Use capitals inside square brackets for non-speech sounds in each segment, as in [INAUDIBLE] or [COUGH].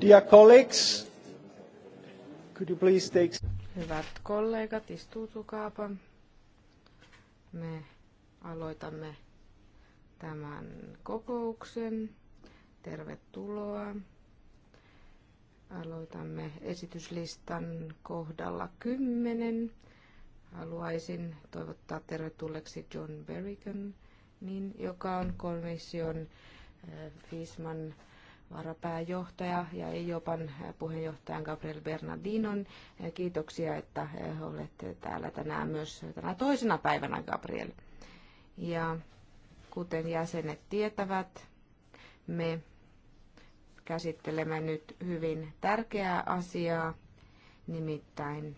Dear colleagues, could you please take... Hyvät kollegat, istuutukaapa. Me aloitamme tämän kokouksen. Tervetuloa. Aloitamme esityslistan kohdalla 10. Haluaisin toivottaa tervetulleeksi John Berrigan, niin, joka on komission eh, Fisman varapääjohtaja ja EIOPan puheenjohtajan Gabriel Bernardinon. Kiitoksia, että olette täällä tänään myös tänä toisena päivänä, Gabriel. Ja kuten jäsenet tietävät, me käsittelemme nyt hyvin tärkeää asiaa, nimittäin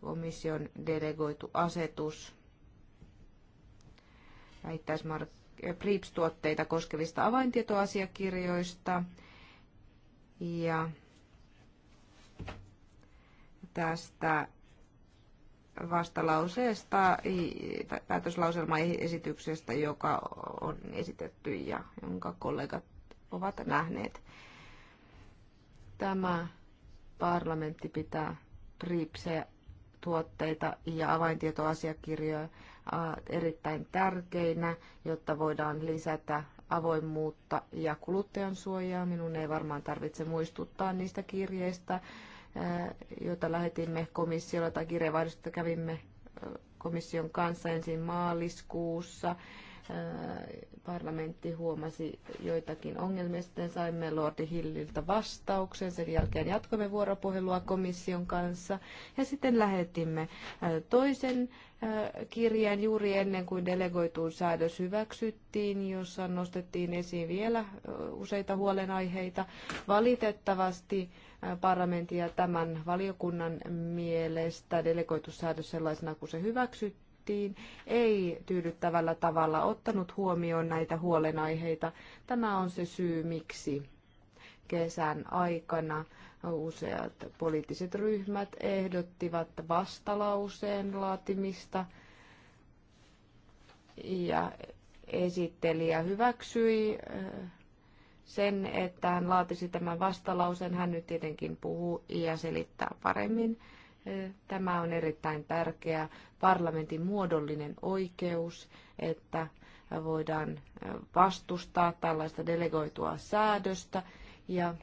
komission delegoitu asetus vähittäismarkkinoilla PRIPS-tuotteita koskevista avaintietoasiakirjoista. Ja tästä vastalauseesta, päätöslauselmaesityksestä, joka on esitetty ja jonka kollegat ovat nähneet. Tämä parlamentti pitää PRIPSE-tuotteita ja avaintietoasiakirjoja erittäin tärkeinä, jotta voidaan lisätä avoimuutta ja kuluttajan suojaa. Minun ei varmaan tarvitse muistuttaa niistä kirjeistä, joita lähetimme komissiolle tai kirjeenvaihdosta kävimme komission kanssa ensin maaliskuussa. Parlamentti huomasi joitakin ongelmia, sitten saimme Lordi Hilliltä vastauksen, sen jälkeen jatkoimme vuoropuhelua komission kanssa ja sitten lähetimme toisen kirjeen juuri ennen kuin delegoituun säädös hyväksyttiin, jossa nostettiin esiin vielä useita huolenaiheita. Valitettavasti parlamentin ja tämän valiokunnan mielestä säädös sellaisena kuin se hyväksyttiin ei tyydyttävällä tavalla ottanut huomioon näitä huolenaiheita. Tämä on se syy, miksi kesän aikana Useat poliittiset ryhmät ehdottivat vastalauseen laatimista ja esittelijä hyväksyi eh, sen, että hän laatisi tämän vastalauseen. Hän nyt tietenkin puhuu ja selittää paremmin. Eh, tämä on erittäin tärkeä parlamentin muodollinen oikeus, että voidaan eh, vastustaa tällaista delegoitua säädöstä ja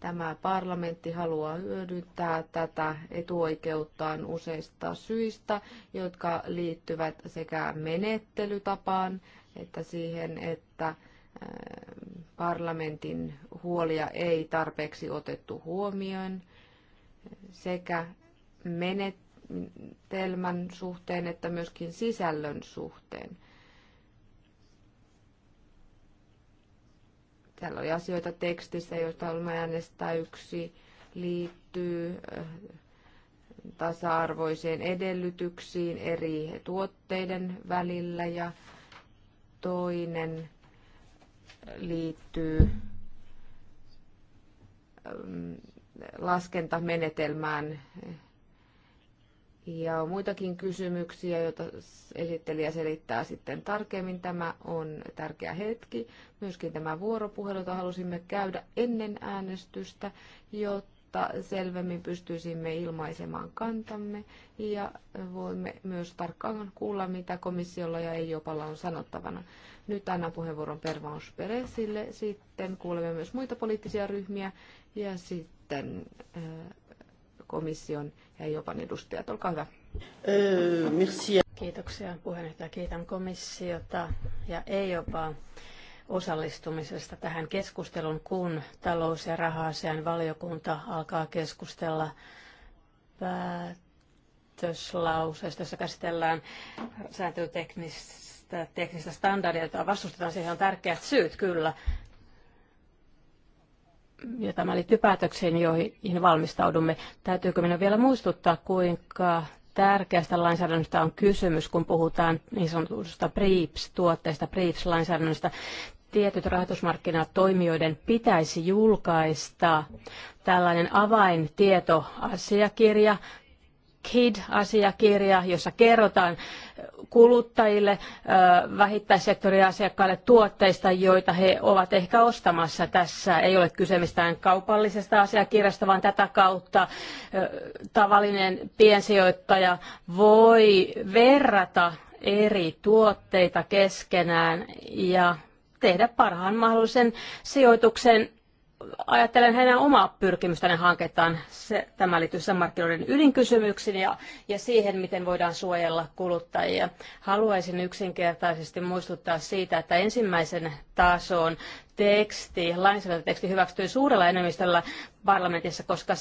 Tämä parlamentti haluaa hyödyntää tätä etuoikeuttaan useista syistä, jotka liittyvät sekä menettelytapaan että siihen, että parlamentin huolia ei tarpeeksi otettu huomioon sekä menettelmän menetelmän suhteen että myöskin sisällön suhteen. Täällä oli asioita tekstissä, joista olemme äänestää. Yksi liittyy äh, tasa-arvoiseen edellytyksiin eri tuotteiden välillä ja toinen liittyy ähm, laskentamenetelmään ja muitakin kysymyksiä, joita esittelijä selittää sitten tarkemmin. Tämä on tärkeä hetki. Myöskin tämä vuoropuhelu, jota halusimme käydä ennen äänestystä, jotta selvemmin pystyisimme ilmaisemaan kantamme. Ja voimme myös tarkkaan kuulla, mitä komissiolla ja eu jopalla on sanottavana. Nyt annan puheenvuoron Pervaus Peresille. Sitten kuulemme myös muita poliittisia ryhmiä ja sitten äh, komission ja Jopan edustajat. Olkaa hyvä. Kiitoksia puheenjohtaja. Kiitän komissiota ja ei jopa osallistumisesta tähän keskustelun, kun talous- ja raha valiokunta alkaa keskustella päätöslauseesta, jossa käsitellään sääntelyteknistä teknistä standardia, jota vastustetaan. Siihen on tärkeät syyt kyllä ja tämä liittyy päätöksiin, joihin valmistaudumme. Täytyykö minä vielä muistuttaa, kuinka tärkeästä lainsäädännöstä on kysymys, kun puhutaan niin sanotusta BRIEPS-tuotteista, BRIEPS-lainsäädännöstä. Tietyt rahoitusmarkkinatoimijoiden pitäisi julkaista tällainen avaintietoasiakirja, KID-asiakirja, jossa kerrotaan kuluttajille, vähittäissektorin asiakkaille tuotteista, joita he ovat ehkä ostamassa. Tässä ei ole kyse mistään kaupallisesta asiakirjasta, vaan tätä kautta tavallinen piensijoittaja voi verrata eri tuotteita keskenään ja tehdä parhaan mahdollisen sijoituksen ajattelen heidän omaa pyrkimystään ja hankettaan. Se, tämä liittyy markkinoiden ydinkysymyksiin ja, ja siihen, miten voidaan suojella kuluttajia. Haluaisin yksinkertaisesti muistuttaa siitä, että ensimmäisen tason teksti, lainsäädäntöteksti hyväksytyi suurella enemmistöllä parlamentissa, koska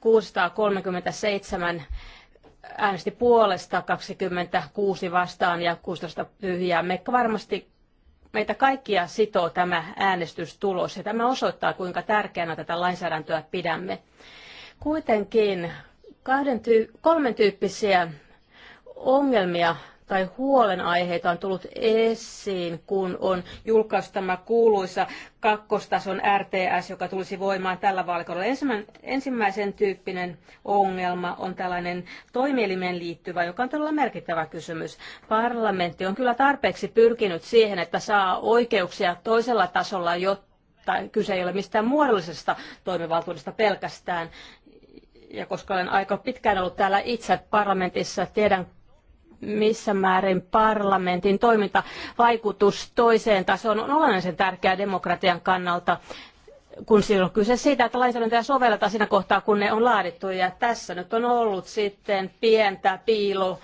637 äänesti puolesta, 26 vastaan ja 16 tyhjää. Me varmasti meitä kaikkia sitoo tämä äänestystulos ja tämä osoittaa, kuinka tärkeänä tätä lainsäädäntöä pidämme. Kuitenkin kahden tyy- kolmen tyyppisiä ongelmia tai huolenaiheita on tullut esiin, kun on julkaistu tämä kuuluisa kakkostason RTS, joka tulisi voimaan tällä vaalikaudella. Ensimmäisen tyyppinen ongelma on tällainen toimielimen liittyvä, joka on todella merkittävä kysymys. Parlamentti on kyllä tarpeeksi pyrkinyt siihen, että saa oikeuksia toisella tasolla, jotta kyse ei ole mistään muodollisesta toimivaltuudesta pelkästään, ja koska olen aika pitkään ollut täällä itse parlamentissa, tiedän missä määrin parlamentin toimintavaikutus toiseen tasoon on olennaisen tärkeää demokratian kannalta kun siinä on kyse siitä, että lainsäädäntöä sovelletaan siinä kohtaa, kun ne on laadittu. Ja tässä nyt on ollut sitten pientä piilo,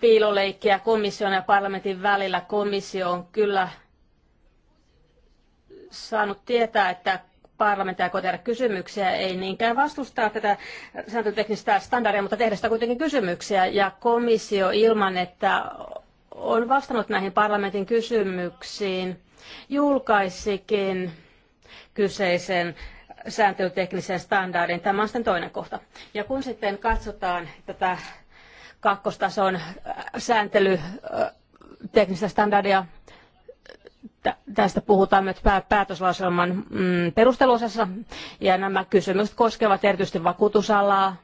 piiloleikkiä komission ja parlamentin välillä. Komissio on kyllä saanut tietää, että aikoo tehdä kysymyksiä, ei niinkään vastustaa tätä sääntöteknistä standardia, mutta tehdä sitä kuitenkin kysymyksiä. Ja komissio ilman, että on vastannut näihin parlamentin kysymyksiin, julkaisikin kyseisen sääntelyteknisen standardin. Tämä on sitten toinen kohta. Ja kun sitten katsotaan tätä kakkostason sääntelyteknistä standardia, tästä puhutaan myös päätöslauselman mm, perusteluosassa, ja nämä kysymykset koskevat erityisesti vakuutusalaa,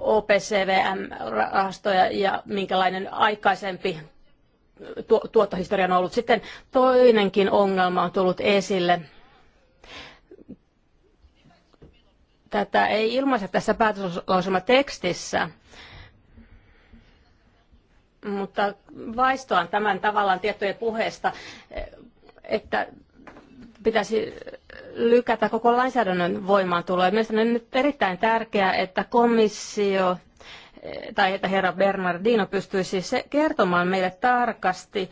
OPCVM-rahastoja ja minkälainen aikaisempi tu- tuottohistoria on ollut. Sitten toinenkin ongelma on tullut esille. Tätä ei ilmaise tässä päätöslauselman tekstissä mutta vaistoan tämän tavallaan tiettyjen puheesta, että pitäisi lykätä koko lainsäädännön voimaantuloa. Mielestäni on nyt erittäin tärkeää, että komissio eh, tai että herra Bernardino pystyisi se kertomaan meille tarkasti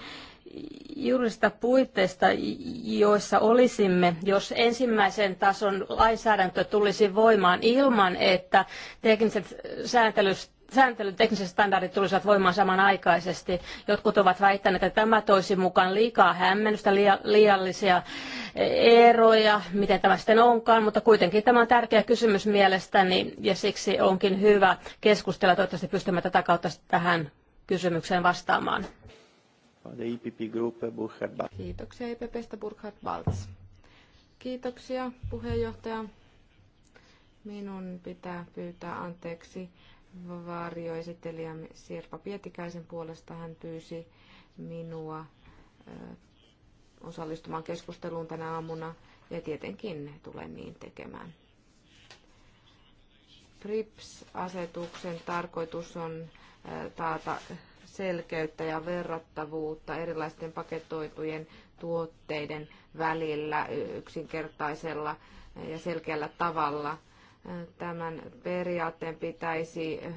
juridisista puitteista, joissa olisimme, jos ensimmäisen tason lainsäädäntö tulisi voimaan ilman, että tekniset sääntelystä sääntelyn tekniset standardit tulisivat voimaan samanaikaisesti. Jotkut ovat väittäneet, että tämä toisi mukaan liikaa hämmennystä, liiallisia eroja, miten tämä sitten onkaan, mutta kuitenkin tämä on tärkeä kysymys mielestäni ja siksi onkin hyvä keskustella. Toivottavasti pystymme tätä kautta tähän kysymykseen vastaamaan. Kiitoksia IPPstä Burkhard Balz. Kiitoksia puheenjohtaja. Minun pitää pyytää anteeksi varjoesittelijä Sirpa Pietikäisen puolesta. Hän pyysi minua osallistumaan keskusteluun tänä aamuna ja tietenkin tulen niin tekemään. PRIPS-asetuksen tarkoitus on taata selkeyttä ja verrattavuutta erilaisten paketoitujen tuotteiden välillä yksinkertaisella ja selkeällä tavalla – tämän periaatteen pitäisi eh,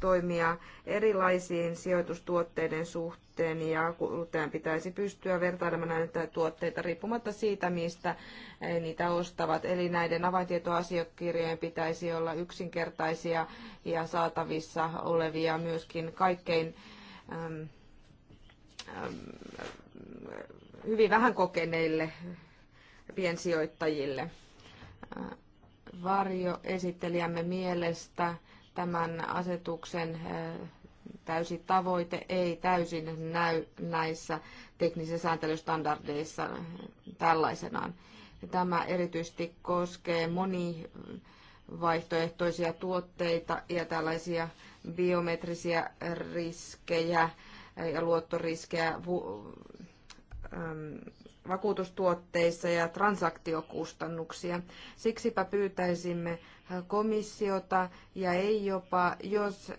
toimia erilaisiin sijoitustuotteiden suhteen ja kuluttajan pitäisi pystyä vertailemaan näitä tuotteita riippumatta siitä, mistä eh, niitä ostavat. Eli näiden avaintietoasiakirjojen pitäisi olla yksinkertaisia ja saatavissa olevia myöskin kaikkein ähm, ähm, hyvin vähän kokeneille piensijoittajille varjoesittelijämme mielestä tämän asetuksen eh, täysi tavoite ei täysin näy näissä teknisen sääntelystandardeissa tällaisenaan. Tämä erityisesti koskee moni vaihtoehtoisia tuotteita ja tällaisia biometrisiä riskejä ja luottoriskejä vakuutustuotteissa ja transaktiokustannuksia. Siksipä pyytäisimme komissiota ja ei jopa, jos,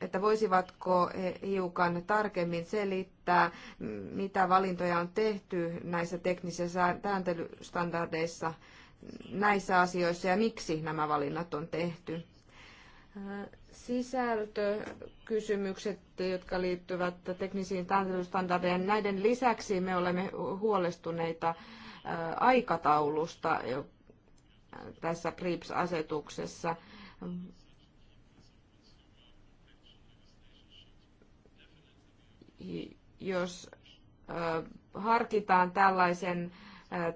että voisivatko he hiukan tarkemmin selittää, mitä valintoja on tehty näissä teknisissä sääntelystandardeissa näissä asioissa ja miksi nämä valinnat on tehty sisältökysymykset, jotka liittyvät teknisiin standardeihin. Näiden lisäksi me olemme huolestuneita äh, aikataulusta äh, tässä PRIPS-asetuksessa. Jos äh, harkitaan tällaisen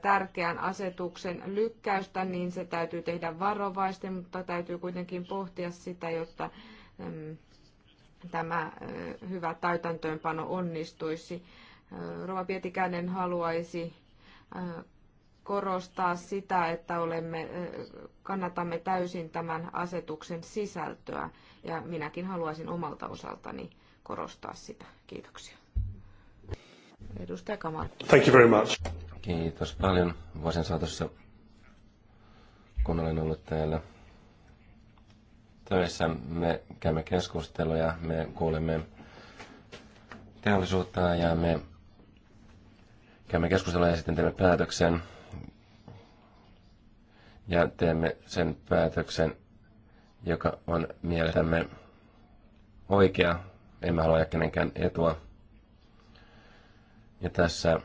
tärkeän asetuksen lykkäystä, niin se täytyy tehdä varovaisesti, mutta täytyy kuitenkin pohtia sitä, jotta tämä hyvä täytäntöönpano onnistuisi. Rova Pietikäinen haluaisi korostaa sitä, että olemme, kannatamme täysin tämän asetuksen sisältöä ja minäkin haluaisin omalta osaltani korostaa sitä. Kiitoksia. Edustaja Kamal. Thank you very much. Kiitos paljon vuosien saatossa, kun olen ollut täällä töissä. Me käymme keskusteluja, me kuulemme teollisuutta ja me käymme keskustelua ja sitten teemme päätöksen. Ja teemme sen päätöksen, joka on mielestämme oikea. Emme halua kenenkään etua. Ja tässä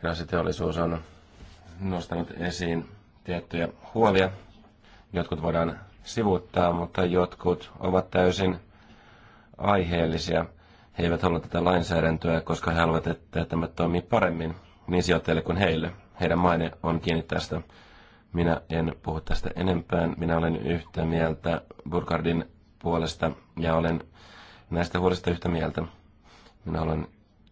finanssiteollisuus on nostanut esiin tiettyjä huolia. Jotkut voidaan sivuuttaa, mutta jotkut ovat täysin aiheellisia. He eivät halua tätä lainsäädäntöä, koska he haluavat, että tämä toimii paremmin niin sijoittajille kuin heille. Heidän maine on kiinni tästä. Minä en puhu tästä enempään. Minä olen yhtä mieltä Burkardin puolesta ja olen näistä huolista yhtä mieltä. Minä haluan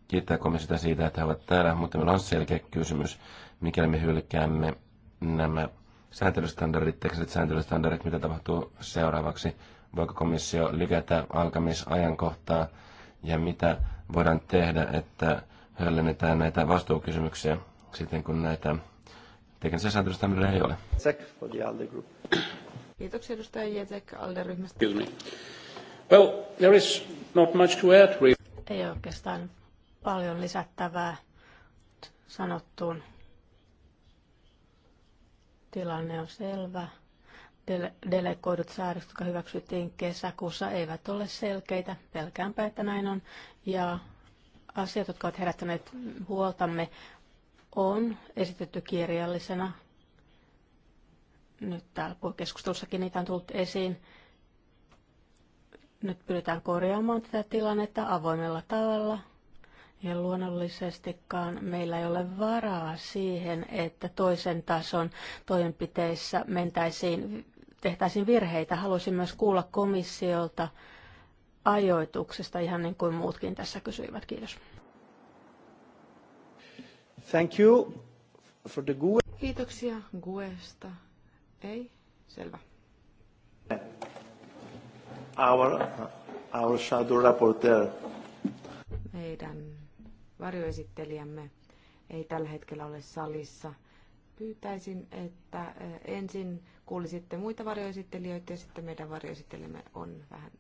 kiittää komissiota siitä, että he ovat täällä, mutta meillä on selkeä kysymys, mikäli me hylkäämme nämä sääntelystandardit, tekniset sääntelystandardit, mitä tapahtuu seuraavaksi. Voiko komissio lykätä alkamisajankohtaa ja mitä voidaan tehdä, että höllennetään näitä vastuukysymyksiä sitten, kun näitä teknisiä sääntelystandardeja ei ole. Kiitoksia edustaja Jetek ALDE-ryhmästä. Well, there is not much to add ei oikeastaan paljon lisättävää sanottuun. Tilanne on selvä. Dele- delegoidut säädökset, jotka hyväksyttiin kesäkuussa, eivät ole selkeitä. Pelkäänpä, että näin on. Ja asiat, jotka ovat herättäneet huoltamme, on esitetty kirjallisena. Nyt täällä keskustelussakin niitä on tullut esiin. Nyt pyritään korjaamaan tätä tilannetta avoimella tavalla. Ja luonnollisestikaan meillä ei ole varaa siihen, että toisen tason toimenpiteissä mentäisiin, tehtäisiin virheitä. Haluaisin myös kuulla komissiolta ajoituksesta, ihan niin kuin muutkin tässä kysyivät. Kiitos. Thank you for the e. Kiitoksia GUEsta. Ei? Selvä our, our shadow rapporteur. Meidän varjoesittelijämme ei tällä hetkellä ole salissa. Pyytäisin, että eh, ensin kuulisitte muita varjoesittelijöitä ja sitten meidän varjoesittelijämme on vähän,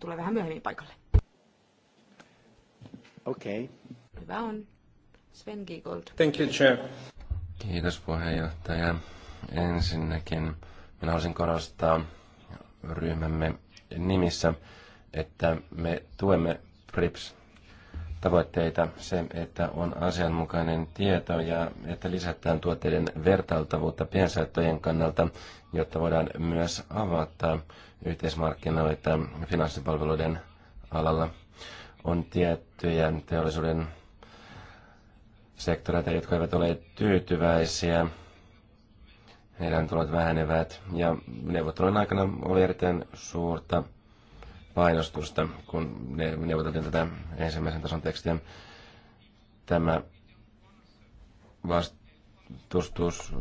tulee vähän myöhemmin paikalle. Okei. Okay. Hyvä on. Sven Giegold. Thank you, Chair. Kiitos puheenjohtaja. Ensinnäkin minä haluaisin korostaa ryhmämme nimissä, että me tuemme PRIPS tavoitteita, se, että on asianmukainen tieto ja että lisätään tuotteiden vertailtavuutta piensäyttöjen kannalta, jotta voidaan myös avata yhteismarkkinoita finanssipalveluiden alalla. On tiettyjä teollisuuden sektoreita, jotka eivät ole tyytyväisiä heidän tulot vähenevät ja neuvottelun aikana oli erittäin suurta painostusta, kun ne neuvoteltiin tätä ensimmäisen tason tekstiä. Tämä vastustus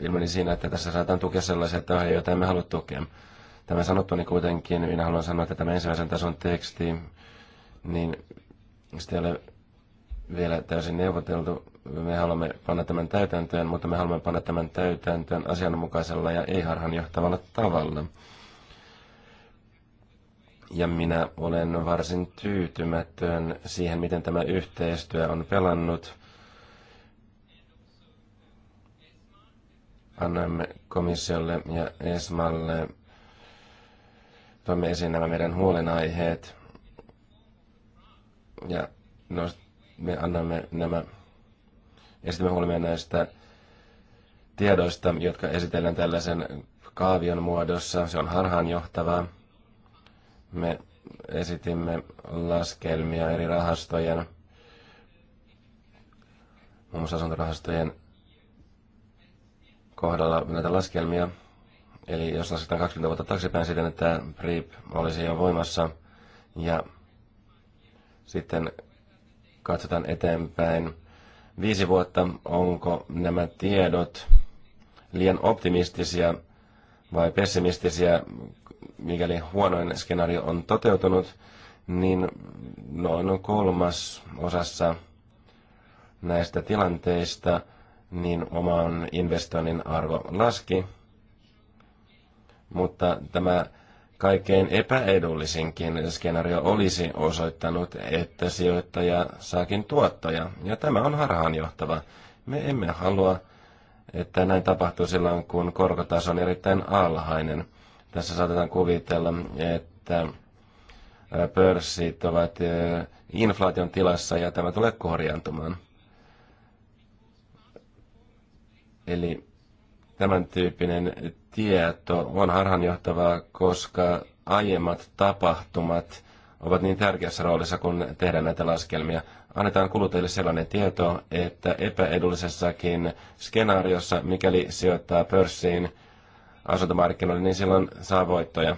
ilmeni siinä, että tässä saatan tukea sellaisia tahoja, joita emme halua tukea. Tämä sanottu, niin kuitenkin minä haluan sanoa, että tämä ensimmäisen tason teksti, niin sitä ei ole vielä täysin neuvoteltu. Me haluamme panna tämän täytäntöön, mutta me haluamme panna tämän täytäntöön asianmukaisella ja ei harhanjohtavalla tavalla. Ja minä olen varsin tyytymätön siihen, miten tämä yhteistyö on pelannut. Annamme komissiolle ja ESMalle, toimme esiin nämä meidän huolenaiheet ja nostamme me annamme nämä, esitämme huolimia näistä tiedoista, jotka esitellään tällaisen kaavion muodossa. Se on harhaanjohtavaa. Me esitimme laskelmia eri rahastojen, muun muassa asuntorahastojen kohdalla näitä laskelmia. Eli jos lasketaan 20 vuotta taaksepäin siten, että preep olisi jo voimassa ja sitten katsotaan eteenpäin viisi vuotta, onko nämä tiedot liian optimistisia vai pessimistisiä, mikäli huonoin skenaario on toteutunut, niin noin kolmas osassa näistä tilanteista niin oman investoinnin arvo laski. Mutta tämä kaikkein epäedullisinkin skenaario olisi osoittanut, että sijoittaja saakin tuottoja, ja tämä on harhaanjohtava. Me emme halua, että näin tapahtuu silloin, kun korkotaso on erittäin alhainen. Tässä saatetaan kuvitella, että pörssit ovat inflaation tilassa ja tämä tulee korjaantumaan. Eli tämän tyyppinen tieto on harhanjohtavaa, koska aiemmat tapahtumat ovat niin tärkeässä roolissa, kun tehdään näitä laskelmia. Annetaan kuluttajille sellainen tieto, että epäedullisessakin skenaariossa, mikäli sijoittaa pörssiin asuntomarkkinoille, niin silloin saa voittoja.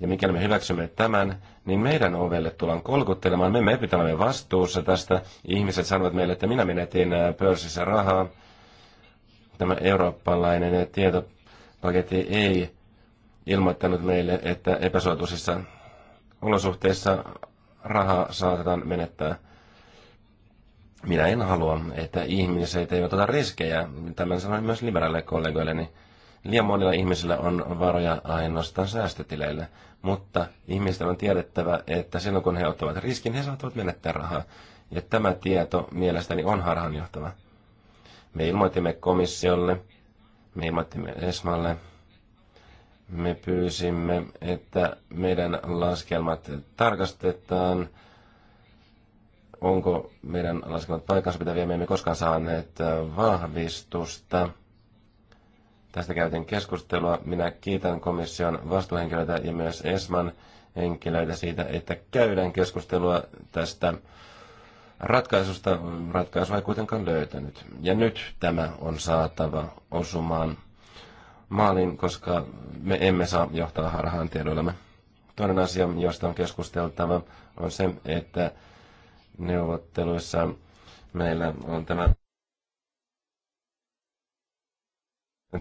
Ja mikäli me hyväksymme tämän, niin meidän ovelle tullaan kolkuttelemaan. Me mepit olemme vastuussa tästä. Ihmiset sanovat meille, että minä menetin pörssissä rahaa tämä eurooppalainen tietopaketti ei ilmoittanut meille, että epäsuotuisissa olosuhteissa rahaa saatetaan menettää. Minä en halua, että ihmiset eivät ota riskejä. Tämän sanoin myös liberaaleille kollegoilleni. Niin liian monilla ihmisillä on varoja ainoastaan säästötileille, mutta ihmisten on tiedettävä, että silloin kun he ottavat riskin, he saattavat menettää rahaa. Ja tämä tieto mielestäni on harhaanjohtava. Me ilmoitimme komissiolle, me ilmoitimme Esmalle, me pyysimme, että meidän laskelmat tarkastetaan, onko meidän laskelmat paikassa, pitäviä. Me emme koskaan saaneet äh, vahvistusta. Tästä käytiin keskustelua. Minä kiitän komission vastuuhenkilöitä ja myös ESMAN henkilöitä siitä, että käydään keskustelua tästä Ratkaisusta ratkaisua ei kuitenkaan löytänyt. Ja nyt tämä on saatava osumaan maaliin, koska me emme saa johtaa harhaan tiedoillamme. Toinen asia, josta on keskusteltava, on se, että neuvotteluissa meillä on tämä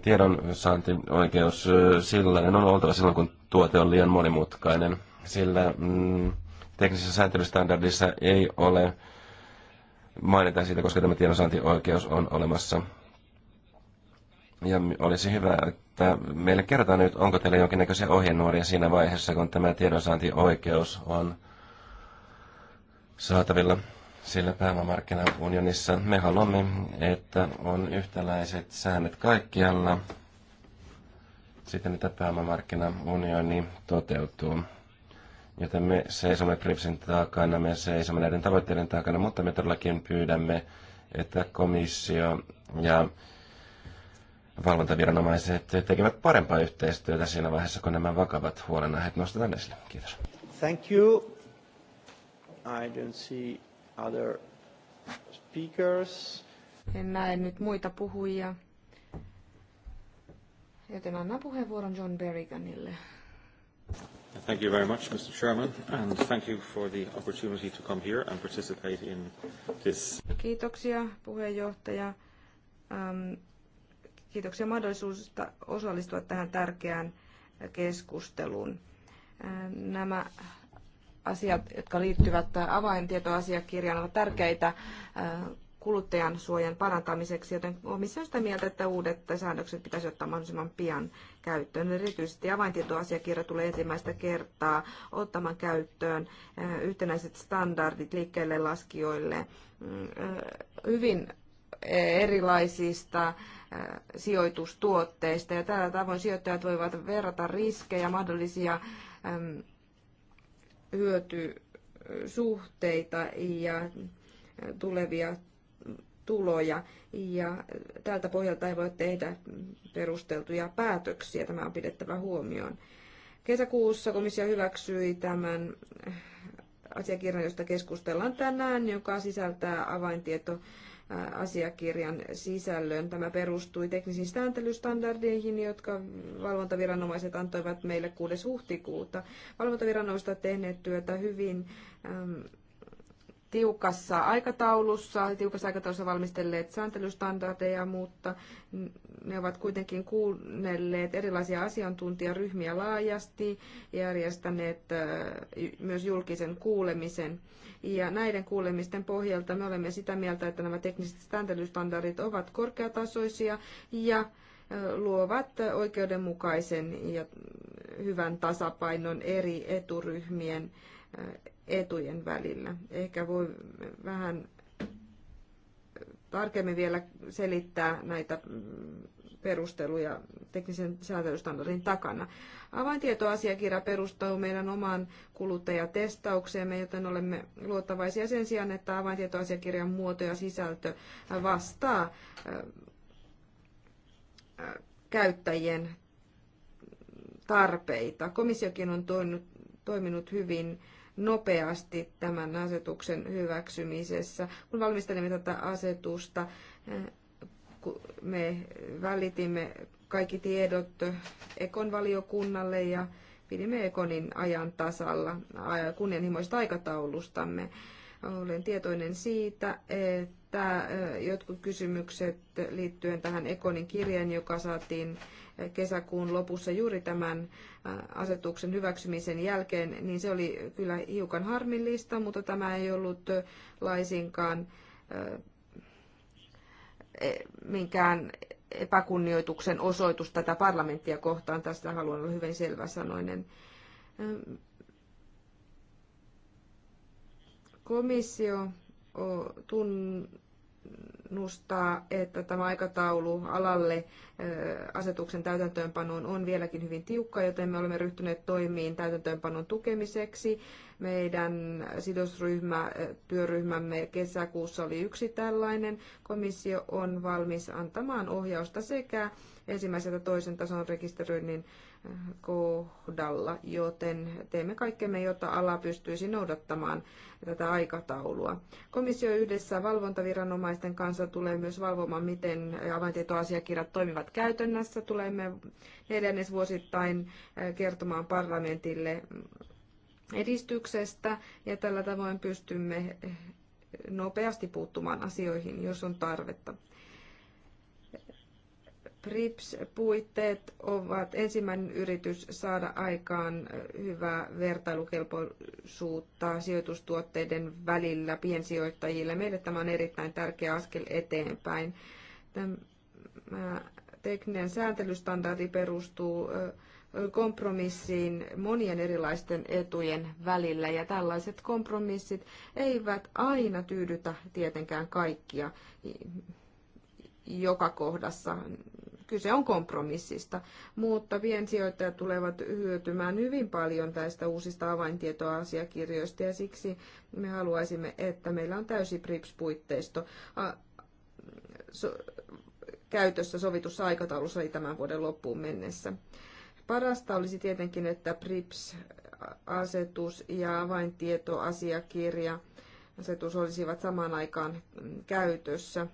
tiedonsaantioikeus sellainen on oltava silloin, kun tuote on liian monimutkainen, sillä mm, teknisessä sääntelystandardissa ei ole mainitaan siitä, koska tämä tiedonsaantioikeus on olemassa. Ja olisi hyvä, että meille kerrotaan nyt, onko teillä jonkinnäköisiä ohjenuoria siinä vaiheessa, kun tämä tiedonsaantioikeus on saatavilla sillä pääomamarkkinaunionissa. Me haluamme, että on yhtäläiset säännöt kaikkialla siten, että pääomamarkkinaunioni toteutuu. Joten me seisomme Pripsin takana, me seisomme näiden tavoitteiden takana, mutta me todellakin pyydämme, että komissio ja valvontaviranomaiset tekevät parempaa yhteistyötä siinä vaiheessa, kun nämä vakavat huolenaiheet nostetaan esille. Kiitos. Thank you. I don't see other speakers. En näe nyt muita puhujia, joten annan puheenvuoron John Berriganille. Thank you very much, Mr. Chairman, and thank you for the opportunity to come here and participate in this. Kiitoksia puheenjohtaja. Ähm, kiitoksia mahdollisuudesta osallistua tähän tärkeään keskusteluun. Ähm, nämä asiat, jotka liittyvät avaintietoasiakirjaan, ovat tärkeitä äh, kuluttajan suojan parantamiseksi, joten komissio on sitä mieltä, että uudet säännökset pitäisi ottaa mahdollisimman pian käyttöön. Erityisesti avaintietoasiakirja tulee ensimmäistä kertaa ottamaan käyttöön eh, yhtenäiset standardit liikkeelle laskijoille mm, eh, hyvin eh, erilaisista sijoitustuotteista ja tällä tavoin sijoittajat voivat verrata riskejä, mahdollisia mm, hyötysuhteita ja tulevia tuloja ja tältä pohjalta ei voi tehdä perusteltuja päätöksiä. Tämä on pidettävä huomioon. Kesäkuussa komissio hyväksyi tämän asiakirjan, josta keskustellaan tänään, joka sisältää avaintieto äh, asiakirjan sisällön. Tämä perustui teknisiin sääntelystandardeihin, jotka valvontaviranomaiset antoivat meille 6. huhtikuuta. Valvontaviranomaiset ovat tehneet työtä hyvin ähm, tiukassa aikataulussa, tiukassa aikataulussa valmistelleet sääntelystandardeja, mutta ne ovat kuitenkin kuunnelleet erilaisia asiantuntijaryhmiä laajasti ja järjestäneet äh, myös julkisen kuulemisen. Ja näiden kuulemisten pohjalta me olemme sitä mieltä, että nämä tekniset sääntelystandardit ovat korkeatasoisia ja äh, luovat oikeudenmukaisen ja hyvän tasapainon eri eturyhmien etujen välillä. Ehkä voi vähän tarkemmin vielä selittää näitä mm, perusteluja teknisen säätelystandardin takana. Avaintietoasiakirja perustuu meidän omaan kuluttajatestaukseemme, joten olemme luottavaisia sen sijaan, että avaintietoasiakirjan muoto ja sisältö vastaa käyttäjien tarpeita. Komissiokin on toiminut hyvin nopeasti tämän asetuksen hyväksymisessä. Kun valmistelimme tätä asetusta, eh, me välitimme kaikki tiedot Ekon valiokunnalle ja pidimme Ekonin ajan tasalla kunnianhimoista aikataulustamme. Olen tietoinen siitä, että eh, jotkut kysymykset liittyen tähän Ekonin kirjeen, joka saatiin kesäkuun lopussa juuri tämän asetuksen hyväksymisen jälkeen, niin se oli kyllä hiukan harmillista, mutta tämä ei ollut laisinkaan e, minkään epäkunnioituksen osoitus tätä parlamenttia kohtaan. Tästä haluan olla hyvin selväsanoinen. Komissio tun, tunnustaa, että tämä aikataulu alalle asetuksen täytäntöönpanoon on vieläkin hyvin tiukka, joten me olemme ryhtyneet toimiin täytäntöönpanon tukemiseksi. Meidän sidosryhmä, työryhmämme kesäkuussa oli yksi tällainen. Komissio on valmis antamaan ohjausta sekä ensimmäisen että toisen tason rekisteröinnin kohdalla, joten teemme kaikkemme, jotta ala pystyisi noudattamaan tätä aikataulua. Komissio yhdessä valvontaviranomaisten kanssa tulee myös valvomaan, miten avaintietoasiakirjat toimivat käytännössä. Tulemme neljännesvuosittain kertomaan parlamentille edistyksestä ja tällä tavoin pystymme nopeasti puuttumaan asioihin, jos on tarvetta. PRIPS-puitteet ovat ensimmäinen yritys saada aikaan hyvää vertailukelpoisuutta sijoitustuotteiden välillä piensijoittajille. Meille tämä on erittäin tärkeä askel eteenpäin. Tämä tekninen sääntelystandardi perustuu kompromissiin monien erilaisten etujen välillä ja tällaiset kompromissit eivät aina tyydytä tietenkään kaikkia joka kohdassa kyse on kompromissista, mutta piensijoittajat tulevat hyötymään hyvin paljon tästä uusista avaintietoasiakirjoista ja siksi me haluaisimme, että meillä on täysi PRIPS-puitteisto käytössä sovitussa aikataulussa eli tämän vuoden loppuun mennessä. Parasta olisi tietenkin, että PRIPS-asetus ja avaintietoasiakirja asetus olisivat samaan aikaan käytössä –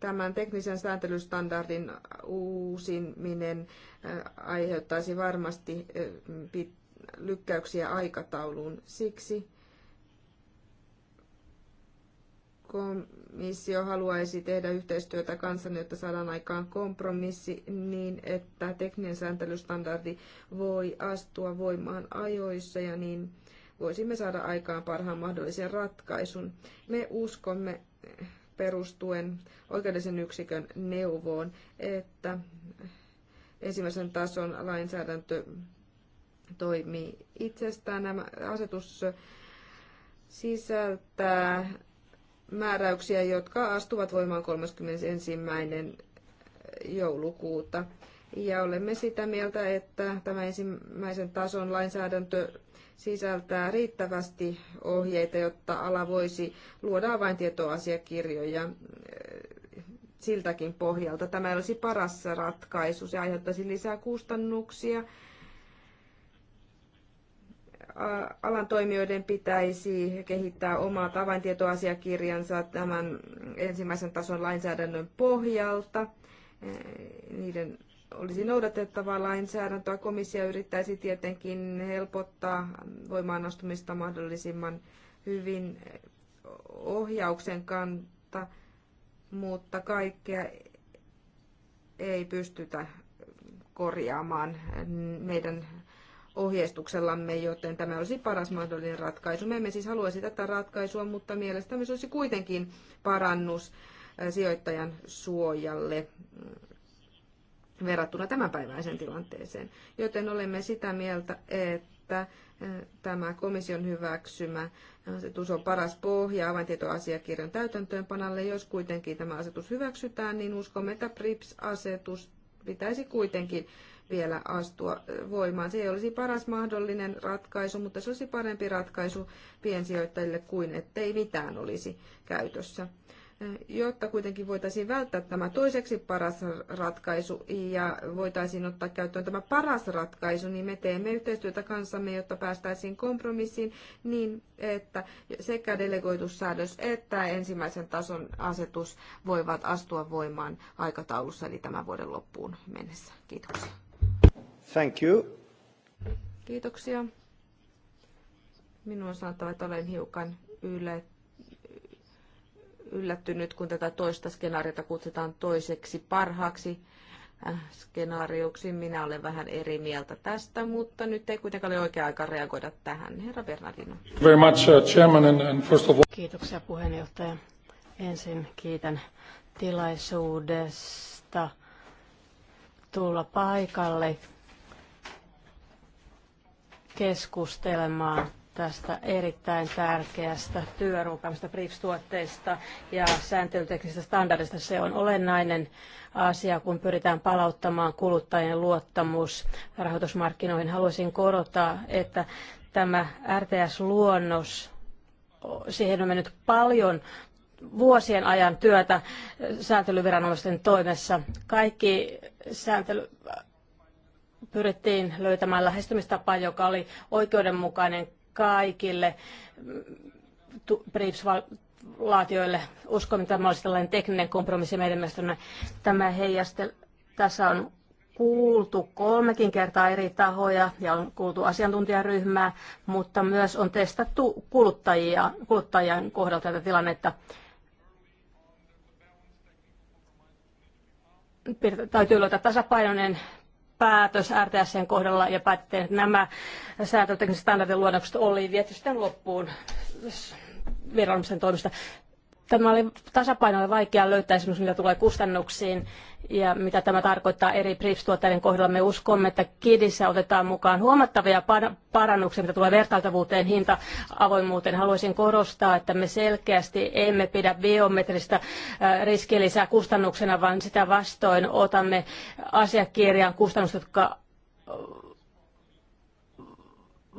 tämän teknisen sääntelystandardin uusiminen äh, aiheuttaisi varmasti äh, lykkäyksiä aikatauluun. Siksi komissio haluaisi tehdä yhteistyötä kanssani, jotta saadaan aikaan kompromissi niin, että tekninen sääntelystandardi voi astua voimaan ajoissa ja niin voisimme saada aikaan parhaan mahdollisen ratkaisun. Me uskomme perustuen oikeudellisen yksikön neuvoon, että ensimmäisen tason lainsäädäntö toimii itsestään. Nämä asetus sisältää määräyksiä, jotka astuvat voimaan 31. joulukuuta. Ja olemme sitä mieltä, että tämä ensimmäisen tason lainsäädäntö sisältää riittävästi ohjeita, jotta ala voisi luoda avaintietoasiakirjoja eh, siltäkin pohjalta. Tämä olisi paras ratkaisu. Se aiheuttaisi lisää kustannuksia. Alan toimijoiden pitäisi kehittää omat avaintietoasiakirjansa tämän ensimmäisen tason lainsäädännön pohjalta. Eh, niiden olisi noudatettavaa lainsäädäntöä. Komissio yrittäisi tietenkin helpottaa voimaan astumista mahdollisimman hyvin ohjauksen kanta, mutta kaikkea ei pystytä korjaamaan meidän ohjeistuksellamme, joten tämä olisi paras mahdollinen ratkaisu. Me emme siis haluaisi tätä ratkaisua, mutta mielestämme se olisi kuitenkin parannus sijoittajan suojalle verrattuna tämänpäiväiseen tilanteeseen. Joten olemme sitä mieltä, että eh, tämä komission hyväksymä asetus on paras pohja avaintietoasiakirjan täytäntöönpanalle. Jos kuitenkin tämä asetus hyväksytään, niin uskomme, että PRIPS-asetus pitäisi kuitenkin vielä astua eh, voimaan. Se ei olisi paras mahdollinen ratkaisu, mutta se olisi parempi ratkaisu piensijoittajille kuin ettei mitään olisi käytössä jotta kuitenkin voitaisiin välttää tämä toiseksi paras ratkaisu ja voitaisiin ottaa käyttöön tämä paras ratkaisu, niin me teemme yhteistyötä kanssamme, jotta päästäisiin kompromissiin niin, että sekä delegoitussäädös että ensimmäisen tason asetus voivat astua voimaan aikataulussa, eli tämän vuoden loppuun mennessä. Kiitoksia. Thank you. Kiitoksia. Minun on sanottava, että olen hiukan yllättynyt yllättynyt, kun tätä toista skenaariota kutsutaan toiseksi parhaaksi äh, skenaarioksi. Minä olen vähän eri mieltä tästä, mutta nyt ei kuitenkaan ole oikea aika reagoida tähän. Herra Bernardino. Very much, uh, chairman, and first of all... Kiitoksia puheenjohtaja. Ensin kiitän tilaisuudesta tulla paikalle keskustelemaan tästä erittäin tärkeästä työruokamista BRICS-tuotteista ja sääntelyteknisestä standardista. Se on olennainen asia, kun pyritään palauttamaan kuluttajien luottamus rahoitusmarkkinoihin. Haluaisin korottaa, että tämä RTS-luonnos, siihen on mennyt paljon vuosien ajan työtä sääntelyviranomaisten toimessa. Kaikki sääntely, pyrittiin löytämään lähestymistapa, joka oli oikeudenmukainen kaikille briefs-laatioille. Uskon, että tämä olisi tällainen tekninen kompromissi meidän mielestämme. Tämä heijastel, tässä on kuultu kolmekin kertaa eri tahoja ja on kuultu asiantuntijaryhmää, mutta myös on testattu kuluttajia, kuluttajien kohdalta tätä tilannetta. Täytyy löytää tasapainoinen päätös RTSn kohdalla ja päätettiin, että nämä sääntötekniset standardin luonnokset oli viety sitten loppuun viranomaisen toimesta tämä oli tasapaino oli vaikea löytää esimerkiksi mitä tulee kustannuksiin ja mitä tämä tarkoittaa eri BRICS-tuotteiden kohdalla. Me uskomme, että KIDissä otetaan mukaan huomattavia parannuksia, mitä tulee vertailtavuuteen, hinta, avoimuuteen. Haluaisin korostaa, että me selkeästi emme pidä biometristä äh, riskilisää kustannuksena, vaan sitä vastoin otamme asiakirjan kustannukset, jotka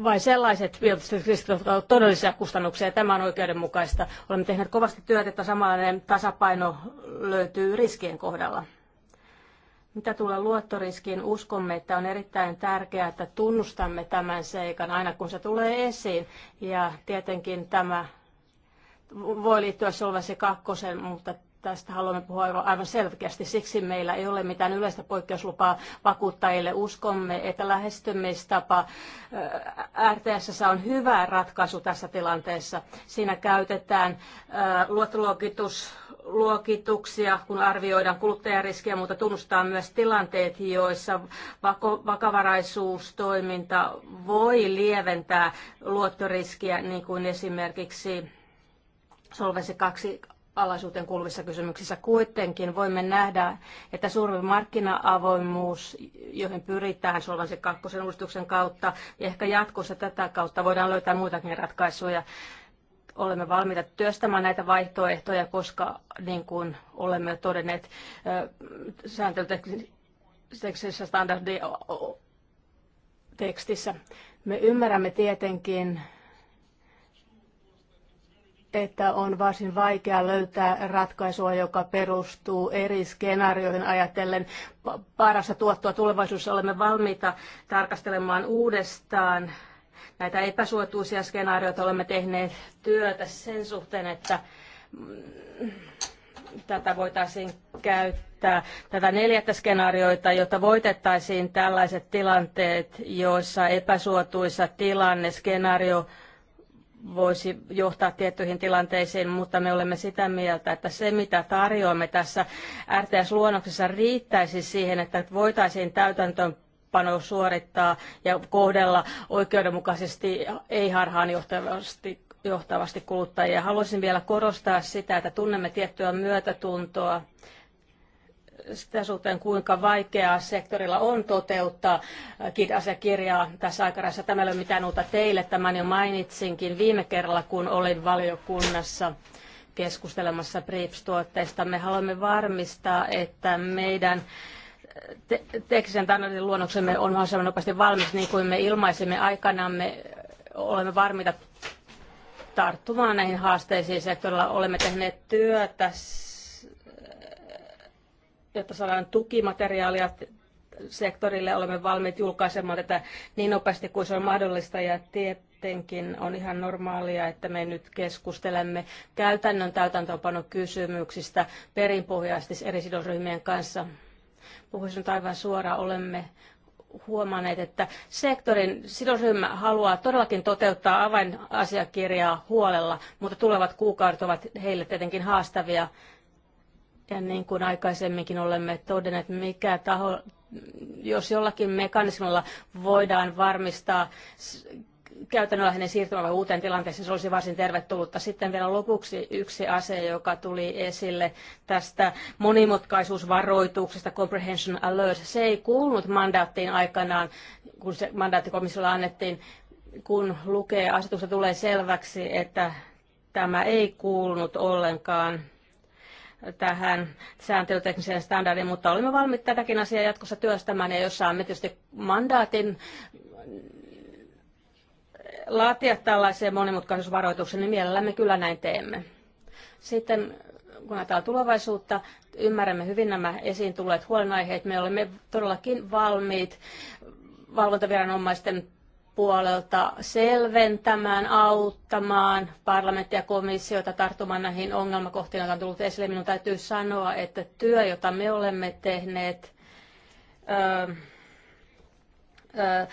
vain sellaiset yliopistollisesti, jotka ovat todellisia kustannuksia. Tämä on oikeudenmukaista. Olemme tehneet kovasti työtä, että samanlainen tasapaino löytyy riskien kohdalla. Mitä tulee luottoriskiin, uskomme, että on erittäin tärkeää, että tunnustamme tämän seikan aina kun se tulee esiin. Ja tietenkin tämä voi liittyä Solvasi kakkosen, mutta tästä haluamme puhua aivan selkeästi. Siksi meillä ei ole mitään yleistä poikkeuslupaa vakuuttajille. Uskomme, että lähestymistapa RTS on hyvä ratkaisu tässä tilanteessa. Siinä käytetään luottoluokitus luokituksia, kun arvioidaan kuluttajariskiä, mutta tunnustaa myös tilanteet, joissa vakavaraisuustoiminta voi lieventää luottoriskiä, niin kuin esimerkiksi Solvensi 2 alaisuuteen kuuluvissa kysymyksissä. Kuitenkin voimme nähdä, että suurempi markkina-avoimuus, johon pyritään Solvansi kakkosen uudistuksen kautta, ja ehkä jatkossa tätä kautta voidaan löytää muitakin ratkaisuja. Olemme valmiita työstämään näitä vaihtoehtoja, koska niin kuin olemme jo todenneet, sääntelytekstissä standardi tekstissä. Me ymmärrämme tietenkin että on varsin vaikea löytää ratkaisua, joka perustuu eri skenaarioihin ajatellen parasta tuottoa tulevaisuudessa. Olemme valmiita tarkastelemaan uudestaan näitä epäsuotuisia skenaarioita. Olemme tehneet työtä sen suhteen, että mm, tätä voitaisiin käyttää, tätä neljättä skenaarioita, jotta voitettaisiin tällaiset tilanteet, joissa epäsuotuisa tilanne, skenaario voisi johtaa tiettyihin tilanteisiin, mutta me olemme sitä mieltä, että se mitä tarjoamme tässä RTS-luonnoksessa riittäisi siihen, että voitaisiin täytäntöön suorittaa ja kohdella oikeudenmukaisesti, ei harhaanjohtavasti johtavasti kuluttajia. Haluaisin vielä korostaa sitä, että tunnemme tiettyä myötätuntoa sitä suhteen, kuinka vaikeaa sektorilla on toteuttaa KID-asiakirjaa tässä aikarajassa. Tämä ei ole mitään uutta teille. Tämän jo mainitsinkin viime kerralla, kun olin valiokunnassa keskustelemassa BRIEPS-tuotteista. Me haluamme varmistaa, että meidän te- teknisen tarjoamisen luonnoksemme on mahdollisimman nopeasti valmis, niin kuin me ilmaisimme aikanamme. Olemme varmiita tarttumaan näihin haasteisiin sektorilla. Olemme tehneet työtä jotta saadaan tukimateriaalia sektorille, olemme valmiit julkaisemaan tätä niin nopeasti kuin se on mahdollista ja tietenkin on ihan normaalia, että me nyt keskustelemme käytännön täytäntöönpanokysymyksistä perinpohjaisesti eri sidosryhmien kanssa. Puhuisin aivan suoraan, olemme huomanneet, että sektorin sidosryhmä haluaa todellakin toteuttaa avainasiakirjaa huolella, mutta tulevat kuukaudet ovat heille tietenkin haastavia. Ja niin kuin aikaisemminkin olemme todenneet, mikä taho, jos jollakin mekanismilla voidaan varmistaa käytännönläheinen siirtymä uuteen tilanteeseen, se olisi varsin tervetullutta. Sitten vielä lopuksi yksi asia, joka tuli esille tästä monimutkaisuusvaroituksesta, comprehension alert. Se ei kuulunut mandaattiin aikanaan, kun se mandaattikomissiolle annettiin, kun lukee asetusta tulee selväksi, että tämä ei kuulunut ollenkaan tähän sääntelytekniseen standardiin, mutta olemme valmiit tätäkin asiaa jatkossa työstämään ja jos saamme tietysti mandaatin laatia tällaisen monimutkaisuusvaroituksen, niin mielellämme kyllä näin teemme. Sitten kun ajatellaan tulevaisuutta, ymmärrämme hyvin nämä esiin tulleet huolenaiheet. Me olemme todellakin valmiit valvontaviranomaisten puolelta selventämään, auttamaan parlamenttia ja komissiota tarttumaan näihin ongelmakohtiin, joita on tullut esille. Minun täytyy sanoa, että työ, jota me olemme tehneet ö, ö,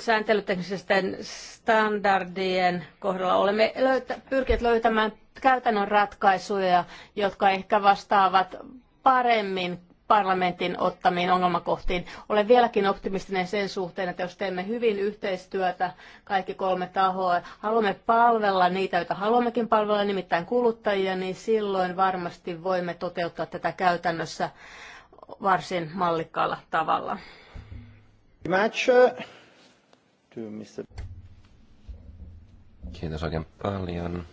sääntelyteknisten standardien kohdalla, olemme löytä, pyrkineet löytämään käytännön ratkaisuja, jotka ehkä vastaavat paremmin parlamentin ottamiin ongelmakohtiin. Olen vieläkin optimistinen sen suhteen, että jos teemme hyvin yhteistyötä, kaikki kolme tahoa, haluamme palvella niitä, joita haluammekin palvella, nimittäin kuluttajia, niin silloin varmasti voimme toteuttaa tätä käytännössä varsin mallikkaalla tavalla. Uh, Kiitos oikein paljon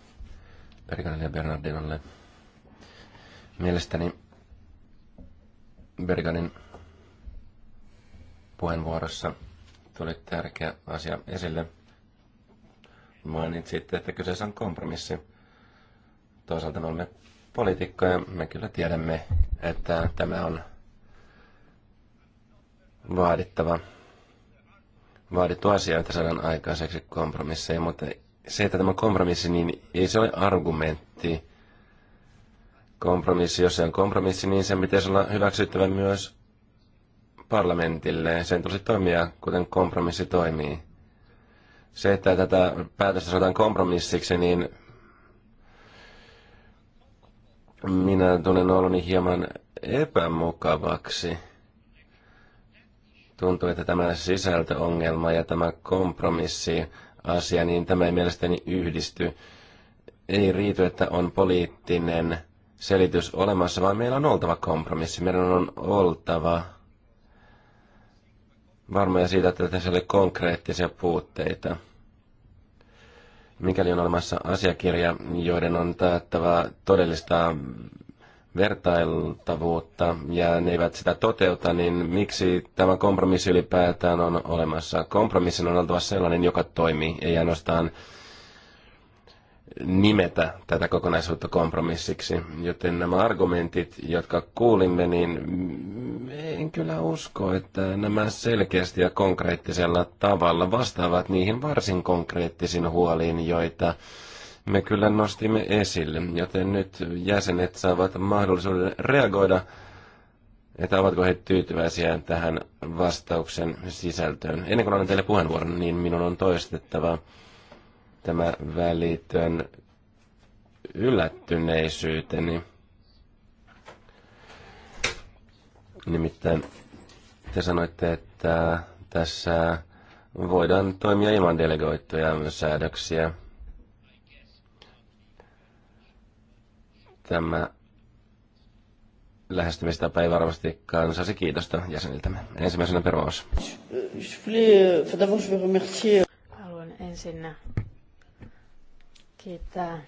Perkanelle ja Bernardinalle. Mielestäni Berganin puheenvuorossa tuli tärkeä asia esille. Mainitsitte, että kyseessä on kompromissi. Toisaalta me olemme poliitikkoja, me kyllä tiedämme, että tämä on vaadittava, vaadittu asia, että saadaan aikaiseksi kompromisseja, mutta se, että tämä kompromissi, niin ei se ole argumentti kompromissi, jos se on kompromissi, niin sen pitäisi olla hyväksyttävä myös parlamentille. Sen tulisi toimia, kuten kompromissi toimii. Se, että tätä päätöstä sanotaan kompromissiksi, niin minä tunnen oloni hieman epämukavaksi. Tuntuu, että tämä sisältöongelma ja tämä kompromissi asia, niin tämä ei mielestäni yhdisty. Ei riity, että on poliittinen selitys olemassa, vaan meillä on oltava kompromissi. Meidän on oltava varmoja siitä, että tässä oli konkreettisia puutteita. Mikäli on olemassa asiakirja, joiden on taattava todellista vertailtavuutta ja ne eivät sitä toteuta, niin miksi tämä kompromissi ylipäätään on olemassa? Kompromissin on oltava sellainen, joka toimii, ei ainoastaan nimetä tätä kokonaisuutta kompromissiksi. Joten nämä argumentit, jotka kuulimme, niin en kyllä usko, että nämä selkeästi ja konkreettisella tavalla vastaavat niihin varsin konkreettisiin huoliin, joita me kyllä nostimme esille. Joten nyt jäsenet saavat mahdollisuuden reagoida, että ovatko he tyytyväisiä tähän vastauksen sisältöön. Ennen kuin annan teille puheenvuoron, niin minun on toistettava tämä välitön yllättyneisyyteni. Nimittäin te sanoitte, että tässä voidaan toimia ilman delegoittuja säädöksiä. Tämä lähestymistapa ei varmasti kansasi kiitosta jäseniltämme. Ensimmäisenä pervaus. Euh, Haluan ensin kiittää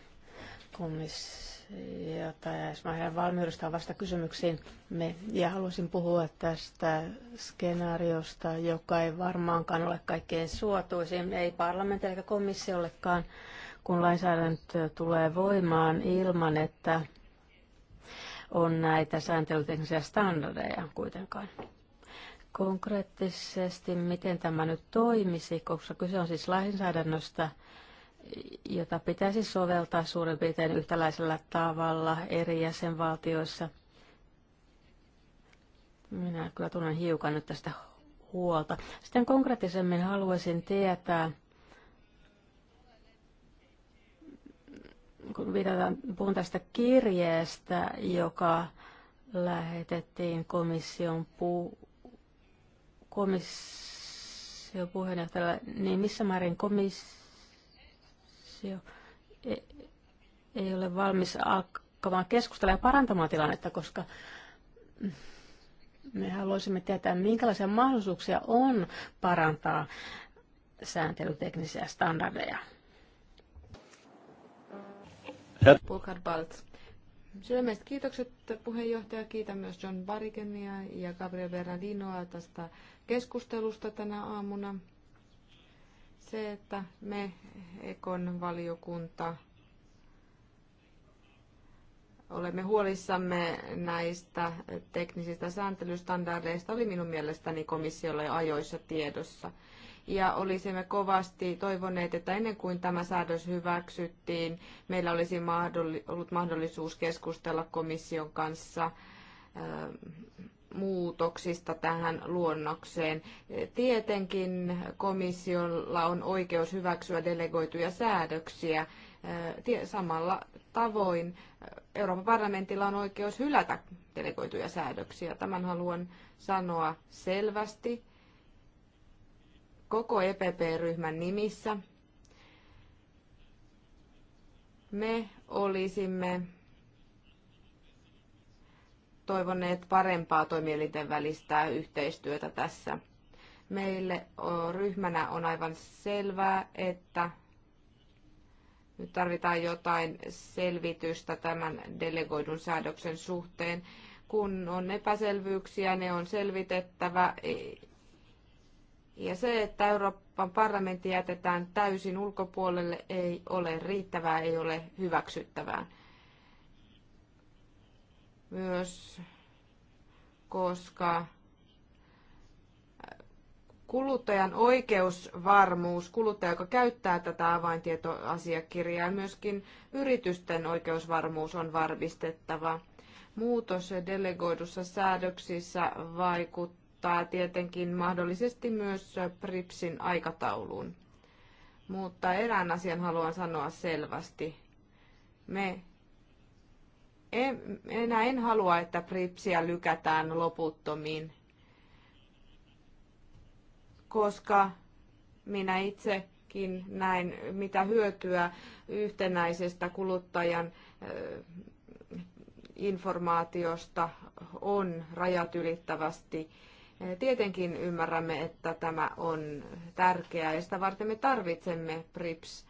komissiota ja Esmahan valmiudesta vasta kysymyksiin. Me, ja haluaisin puhua tästä skenaariosta, joka ei varmaankaan ole kaikkein suotuisin, ei parlamentille eikä komissiollekaan, kun lainsäädäntö tulee voimaan ilman, että on näitä sääntelyteknisiä standardeja kuitenkaan konkreettisesti, miten tämä nyt toimisi, koska kyse on siis lainsäädännöstä, jota pitäisi soveltaa suurin piirtein yhtäläisellä tavalla eri jäsenvaltioissa. Minä kyllä tunnen hiukan nyt tästä huolta. Sitten konkreettisemmin haluaisin tietää, kun viitataan, puhun tästä kirjeestä, joka lähetettiin komission, pu, komission puheenjohtajalle, niin missä määrin komissio komissio e, ei ole valmis alkamaan keskustella ja parantamaan tilannetta, koska me haluaisimme tietää, minkälaisia mahdollisuuksia on parantaa sääntelyteknisiä standardeja. Burkhard Baltz. Sydämestä kiitokset puheenjohtaja. Kiitän myös John Barikenia ja Gabriel Berardinoa tästä keskustelusta tänä aamuna. Se, että me Ekon valiokunta olemme huolissamme näistä teknisistä sääntelystandardeista, oli minun mielestäni komissiolle ajoissa tiedossa. Ja olisimme kovasti toivoneet, että ennen kuin tämä säädös hyväksyttiin, meillä olisi ollut mahdollisuus keskustella komission kanssa ähm, muutoksista tähän luonnokseen. Tietenkin komissiolla on oikeus hyväksyä delegoituja säädöksiä. Eh, samalla tavoin Euroopan parlamentilla on oikeus hylätä delegoituja säädöksiä. Tämän haluan sanoa selvästi koko EPP-ryhmän nimissä. Me olisimme toivoneet parempaa toimielinten välistä yhteistyötä tässä. Meille ryhmänä on aivan selvää, että nyt tarvitaan jotain selvitystä tämän delegoidun säädöksen suhteen. Kun on epäselvyyksiä, ne on selvitettävä. Ja se, että Euroopan parlamentti jätetään täysin ulkopuolelle, ei ole riittävää, ei ole hyväksyttävää myös, koska kuluttajan oikeusvarmuus, kuluttaja, joka käyttää tätä avaintietoasiakirjaa, myöskin yritysten oikeusvarmuus on varmistettava. Muutos delegoidussa säädöksissä vaikuttaa tietenkin mahdollisesti myös PRIPSin aikatauluun. Mutta erään asian haluan sanoa selvästi. Me en, enää en halua, että Pripsiä lykätään loputtomiin, koska minä itsekin näin, mitä hyötyä yhtenäisestä kuluttajan informaatiosta on rajat ylittävästi. E, tietenkin ymmärrämme, että tämä on tärkeää ja sitä varten me tarvitsemme PRIPS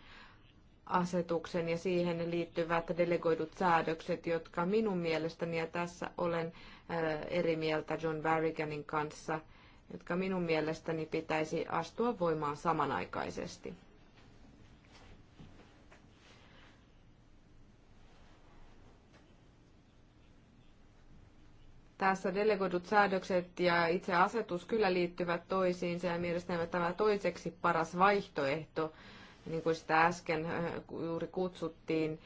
asetuksen ja siihen liittyvät delegoidut säädökset, jotka minun mielestäni, ja tässä olen äh, eri mieltä John Barriganin kanssa, jotka minun mielestäni pitäisi astua voimaan samanaikaisesti. tässä delegoidut säädökset ja itse asetus kyllä liittyvät toisiinsa ja mielestäni tämä toiseksi paras vaihtoehto niin kuin sitä äsken äh, juuri kutsuttiin,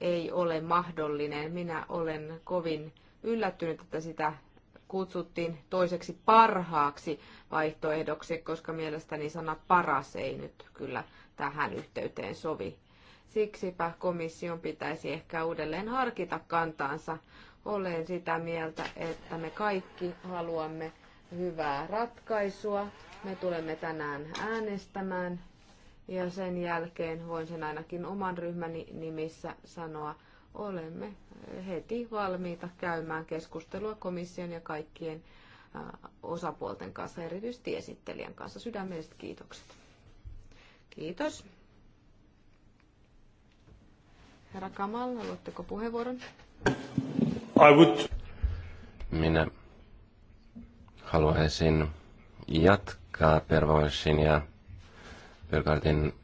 ei ole mahdollinen. Minä olen kovin yllättynyt, että sitä kutsuttiin toiseksi parhaaksi vaihtoehdoksi, koska mielestäni sana paras ei nyt kyllä tähän yhteyteen sovi. Siksipä komission pitäisi ehkä uudelleen harkita kantaansa. Olen sitä mieltä, että me kaikki haluamme hyvää ratkaisua. Me tulemme tänään äänestämään ja sen jälkeen voin sen ainakin oman ryhmäni nimissä sanoa, olemme heti valmiita käymään keskustelua komission ja kaikkien osapuolten kanssa, erityisesti esittelijän kanssa. Sydämelliset kiitokset. Kiitos. Herra Kamal, haluatteko puheenvuoron? I would. Minä haluaisin jatkaa Pervoisin ja Pelkartin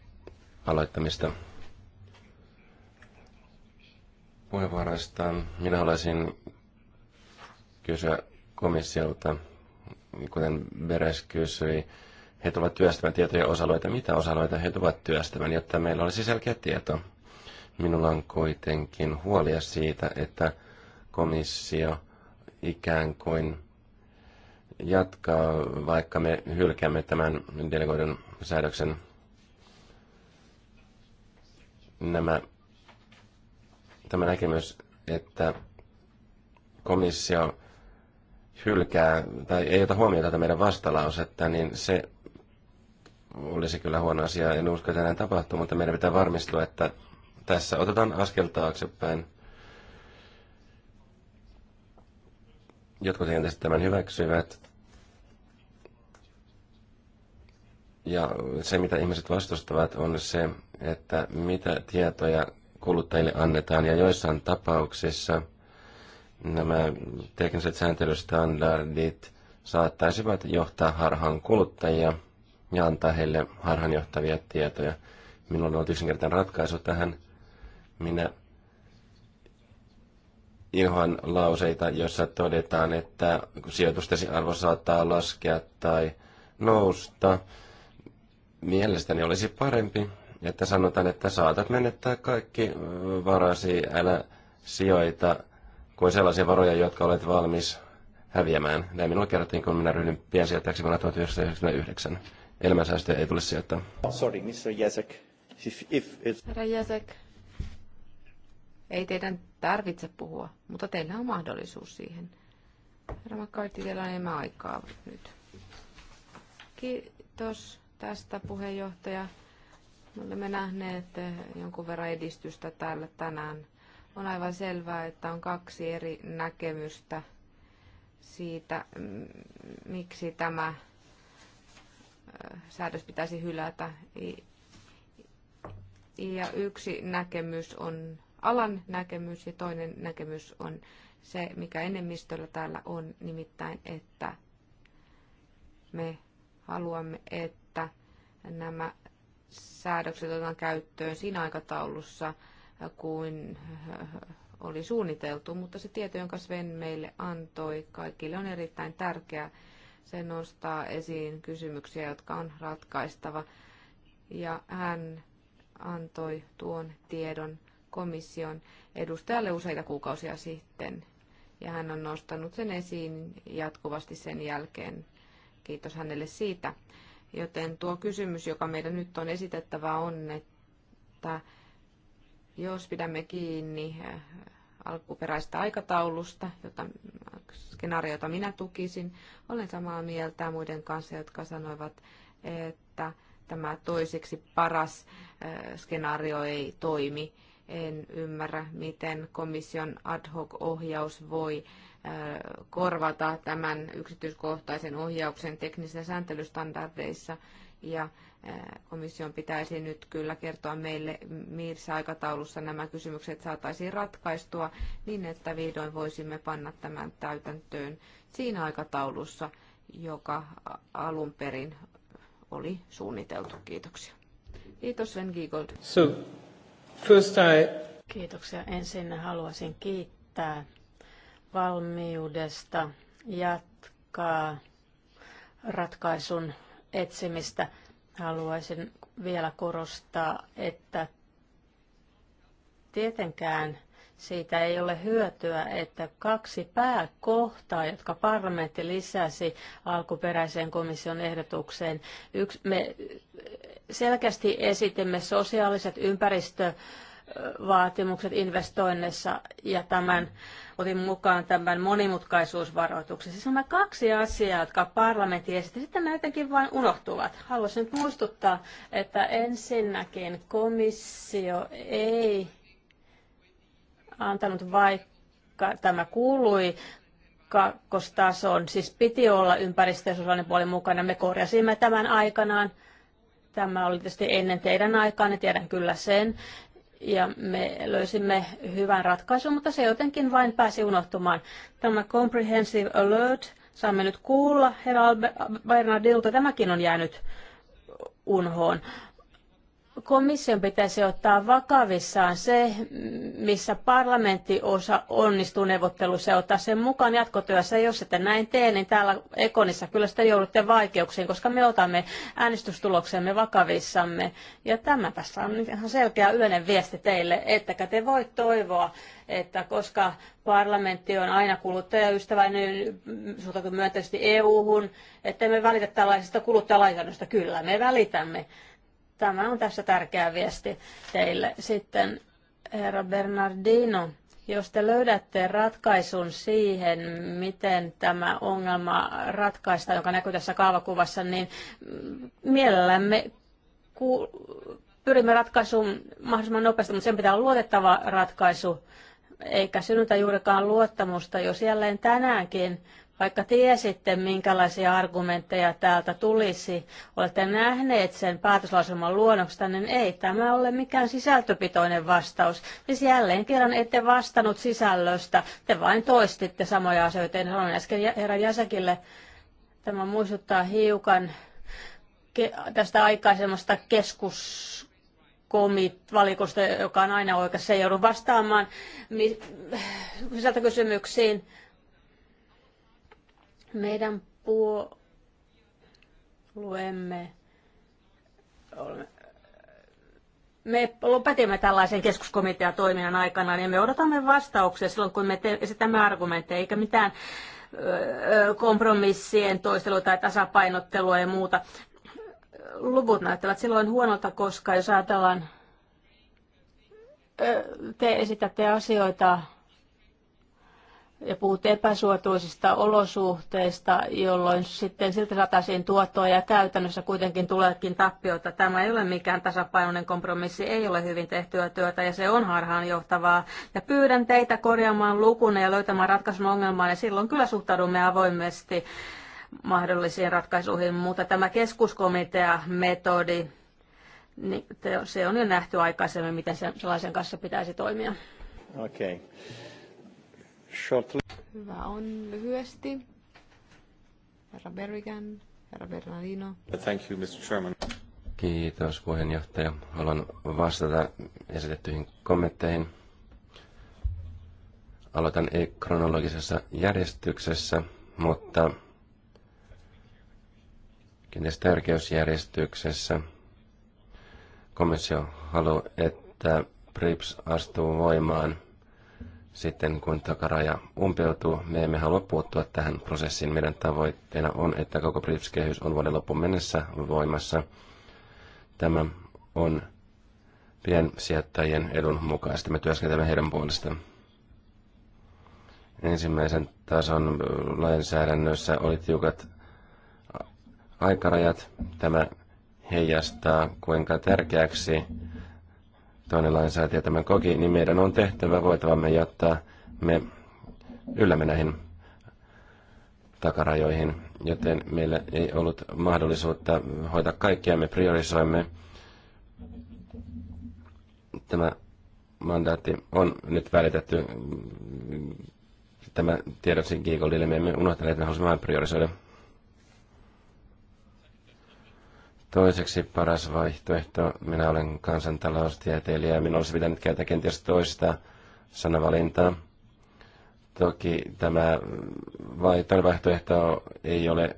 aloittamista puheenvuoroista. Minä haluaisin kysyä komissiolta, kuten Beres kysyi, he tulevat työstämään tietoja osaloita. Mitä osaloita he tulevat työstämään, jotta meillä olisi selkeä tieto? Minulla on kuitenkin huolia siitä, että komissio ikään kuin jatkaa, vaikka me hylkäämme tämän delegoidun säädöksen nämä, tämä näkemys, että komissio hylkää tai ei ota huomioon tätä meidän vastalausetta, niin se olisi kyllä huono asia. En usko, että näin tapahtuu, mutta meidän pitää varmistua, että tässä otetaan askel taaksepäin. Jotkut entästä tämän hyväksyvät, Ja se, mitä ihmiset vastustavat, on se, että mitä tietoja kuluttajille annetaan. Ja joissain tapauksissa nämä tekniset sääntelystandardit saattaisivat johtaa harhaan kuluttajia ja antaa heille harhanjohtavia tietoja. Minulla on ollut yksinkertainen ratkaisu tähän. Minä ihan lauseita, joissa todetaan, että sijoitustesi arvo saattaa laskea tai nousta Mielestäni olisi parempi, että sanotaan, että saatat menettää kaikki varasi, älä sijoita kuin sellaisia varoja, jotka olet valmis häviämään. Näin minulle kerrottiin, kun minä ryhdyin piensijoittajaksi vuonna 1999. Elämänsäästöjä ei tule sijoittaa. Sorry, Mr. Jäsek. If, if it's... Herra Jäsek, ei teidän tarvitse puhua, mutta teillä on mahdollisuus siihen. Herra McCarthy, teillä on enemmän aikaa nyt. Kiitos tästä puheenjohtaja. Me olemme nähneet eh, jonkun verran edistystä täällä tänään. On aivan selvää, että on kaksi eri näkemystä siitä, miksi tämä eh, säädös pitäisi hylätä. Ja yksi näkemys on alan näkemys ja toinen näkemys on se, mikä enemmistöllä täällä on, nimittäin, että me haluamme, että nämä säädökset otetaan käyttöön siinä aikataulussa kuin oli suunniteltu, mutta se tieto, jonka Sven meille antoi kaikille, on erittäin tärkeä. Se nostaa esiin kysymyksiä, jotka on ratkaistava. Ja hän antoi tuon tiedon komission edustajalle useita kuukausia sitten. Ja hän on nostanut sen esiin jatkuvasti sen jälkeen. Kiitos hänelle siitä. Joten tuo kysymys, joka meidän nyt on esitettävä, on, että jos pidämme kiinni äh, alkuperäistä aikataulusta, jota, skenaariota minä tukisin, olen samaa mieltä muiden kanssa, jotka sanoivat, että tämä toiseksi paras äh, skenaario ei toimi. En ymmärrä, miten komission ad hoc-ohjaus voi korvata tämän yksityiskohtaisen ohjauksen teknisissä sääntelystandardeissa. Ja komission pitäisi nyt kyllä kertoa meille, missä aikataulussa nämä kysymykset saataisiin ratkaistua niin, että vihdoin voisimme panna tämän täytäntöön siinä aikataulussa, joka alun perin oli suunniteltu. Kiitoksia. Kiitos Sven Giegold. So, first I... Kiitoksia. Ensin haluaisin kiittää valmiudesta jatkaa ratkaisun etsimistä. Haluaisin vielä korostaa, että tietenkään siitä ei ole hyötyä, että kaksi pääkohtaa, jotka parlamentti lisäsi alkuperäiseen komission ehdotukseen, yksi, me selkeästi esitimme sosiaaliset ympäristö vaatimukset investoinneissa ja tämän, otin mukaan tämän monimutkaisuusvaroituksen. Siis nämä kaksi asiaa, jotka parlamentti esitti, sitten näitäkin vain unohtuvat. Haluaisin nyt muistuttaa, että ensinnäkin komissio ei antanut vaikka tämä kuului kakkostason, siis piti olla ympäristösuojelun puoli mukana. Me korjasimme tämän aikanaan. Tämä oli tietysti ennen teidän aikaanne, niin tiedän kyllä sen ja me löysimme hyvän ratkaisun, mutta se jotenkin vain pääsi unohtumaan. Tämä Comprehensive Alert, saamme nyt kuulla herra Bernardilta, tämäkin on jäänyt unhoon komission pitäisi ottaa vakavissaan se, missä parlamentti osa onnistuu neuvottelussa ja ottaa sen mukaan jatkotyössä. Jos ette näin tee, niin täällä Ekonissa kyllä sitä joudutte vaikeuksiin, koska me otamme äänestystuloksemme vakavissamme. Ja tämä tässä on ihan selkeä yleinen viesti teille, ettekä te voi toivoa, että koska parlamentti on aina kuluttajaystäväinen, suhtautuu myönteisesti EU-hun, että me välitä tällaisesta kuluttajalainsäädännöstä. Kyllä, me välitämme. Tämä on tässä tärkeä viesti teille. Sitten herra Bernardino, jos te löydätte ratkaisun siihen, miten tämä ongelma ratkaistaan, joka näkyy tässä kaavakuvassa, niin mielellämme pyrimme ratkaisuun mahdollisimman nopeasti, mutta sen pitää olla luotettava ratkaisu, eikä synnytä juurikaan luottamusta, jos jälleen tänäänkin vaikka tiesitte, minkälaisia argumentteja täältä tulisi, olette nähneet sen päätöslauselman luonnoksesta, niin ei tämä ole mikään sisältöpitoinen vastaus. Siis jälleen kerran ette vastannut sisällöstä, te vain toistitte samoja asioita. En sanoin äsken herra Jäsäkille, tämä muistuttaa hiukan tästä aikaisemmasta keskus valikosta, joka on aina oikeassa, ei joudu vastaamaan sisältökysymyksiin. kysymyksiin meidän puolueemme me lopetimme tällaisen keskuskomitean toiminnan aikana, niin me odotamme vastauksia silloin, kun me esitämme argumentteja, eikä mitään kompromissien toistelua tai tasapainottelua ja muuta. Luvut näyttävät silloin huonolta, koska jos ajatellaan, te esitätte asioita, ja puhut epäsuotuisista olosuhteista, jolloin sitten siltä saataisiin tuottoa ja käytännössä kuitenkin tuleekin tappiota. Tämä ei ole mikään tasapainoinen kompromissi, ei ole hyvin tehtyä työtä ja se on harhaanjohtavaa. Ja pyydän teitä korjaamaan lukune ja löytämään ratkaisun ongelmaan ja silloin kyllä suhtaudumme avoimesti mahdollisiin ratkaisuihin, mutta tämä keskuskomitea-metodi, niin se on jo nähty aikaisemmin, miten sellaisen kanssa pitäisi toimia. Okay shortly. Hyvä on lyhyesti. Herra Berrigan, herra Bernardino. Thank you, Mr. Chairman. Kiitos puheenjohtaja. Haluan vastata esitettyihin kommentteihin. Aloitan ei kronologisessa järjestyksessä, mutta kenties tärkeysjärjestyksessä. Komissio haluaa, että PRIPS astuu voimaan – sitten, kun takaraja umpeutuu. Me emme halua puuttua tähän prosessiin. Meidän tavoitteena on, että koko BRIPS-kehys on vuoden loppuun mennessä voimassa. Tämä on piensijoittajien edun mukaisesti. Me työskentelemme heidän puolestaan. Ensimmäisen tason lainsäädännössä oli tiukat aikarajat. Tämä heijastaa, kuinka tärkeäksi toinen lainsäätiö tämän koki, niin meidän on tehtävä voitavamme, jotta me yllämme näihin takarajoihin, joten meillä ei ollut mahdollisuutta hoitaa kaikkia. Me priorisoimme. Tämä mandaatti on nyt välitetty mm, tämä tiedoksi Giigoldille. Me emme unohtaneet, että me halusimme priorisoida. Toiseksi paras vaihtoehto, minä olen kansantaloustieteilijä ja minun olisi pitänyt käytä kenties toista sanavalintaa. Toki tämä vaihtoehto ei ole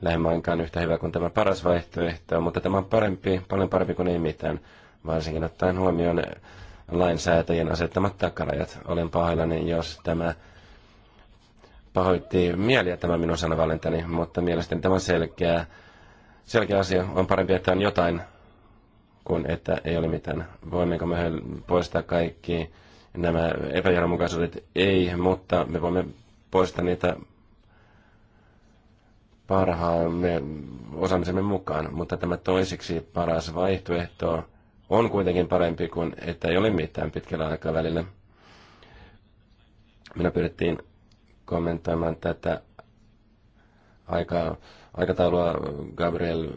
lähemmäinkään yhtä hyvä kuin tämä paras vaihtoehto, mutta tämä on parempi, paljon parempi kuin ei mitään, varsinkin ottaen huomioon lainsäätäjien asettamat takarajat. Olen pahoillani, jos tämä pahoitti mieliä tämä minun sanavalintani, mutta mielestäni tämä on selkeä selkeä asia. On parempi, että on jotain kuin että ei ole mitään. Voimmeko me poistaa kaikki nämä epäjohdonmukaisuudet? Ei, mutta me voimme poistaa niitä parhaamme osaamisemme mukaan. Mutta tämä toiseksi paras vaihtoehto on kuitenkin parempi kuin että ei ole mitään pitkällä aikavälillä. Minä pyydettiin kommentoimaan tätä aikaa aikataulua, Gabriel,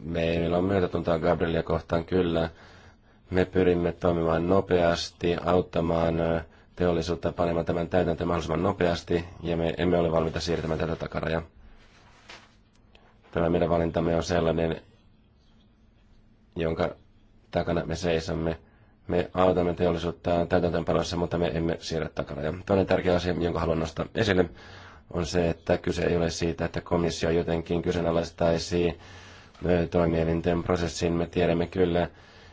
meillä on myötätuntoa Gabrielia kohtaan kyllä. Me pyrimme toimimaan nopeasti, auttamaan teollisuutta panemaan tämän täytäntöön mahdollisimman nopeasti, ja me emme ole valmiita siirtämään tätä takaraja. Tämä meidän valintamme on sellainen, jonka takana me seisomme. Me autamme teollisuutta panossa, mutta me emme siirrä takaraja. Toinen tärkeä asia, jonka haluan nostaa esille, on se, että kyse ei ole siitä, että komissio jotenkin kyseenalaistaisi toimielinten prosessin. Me tiedämme kyllä,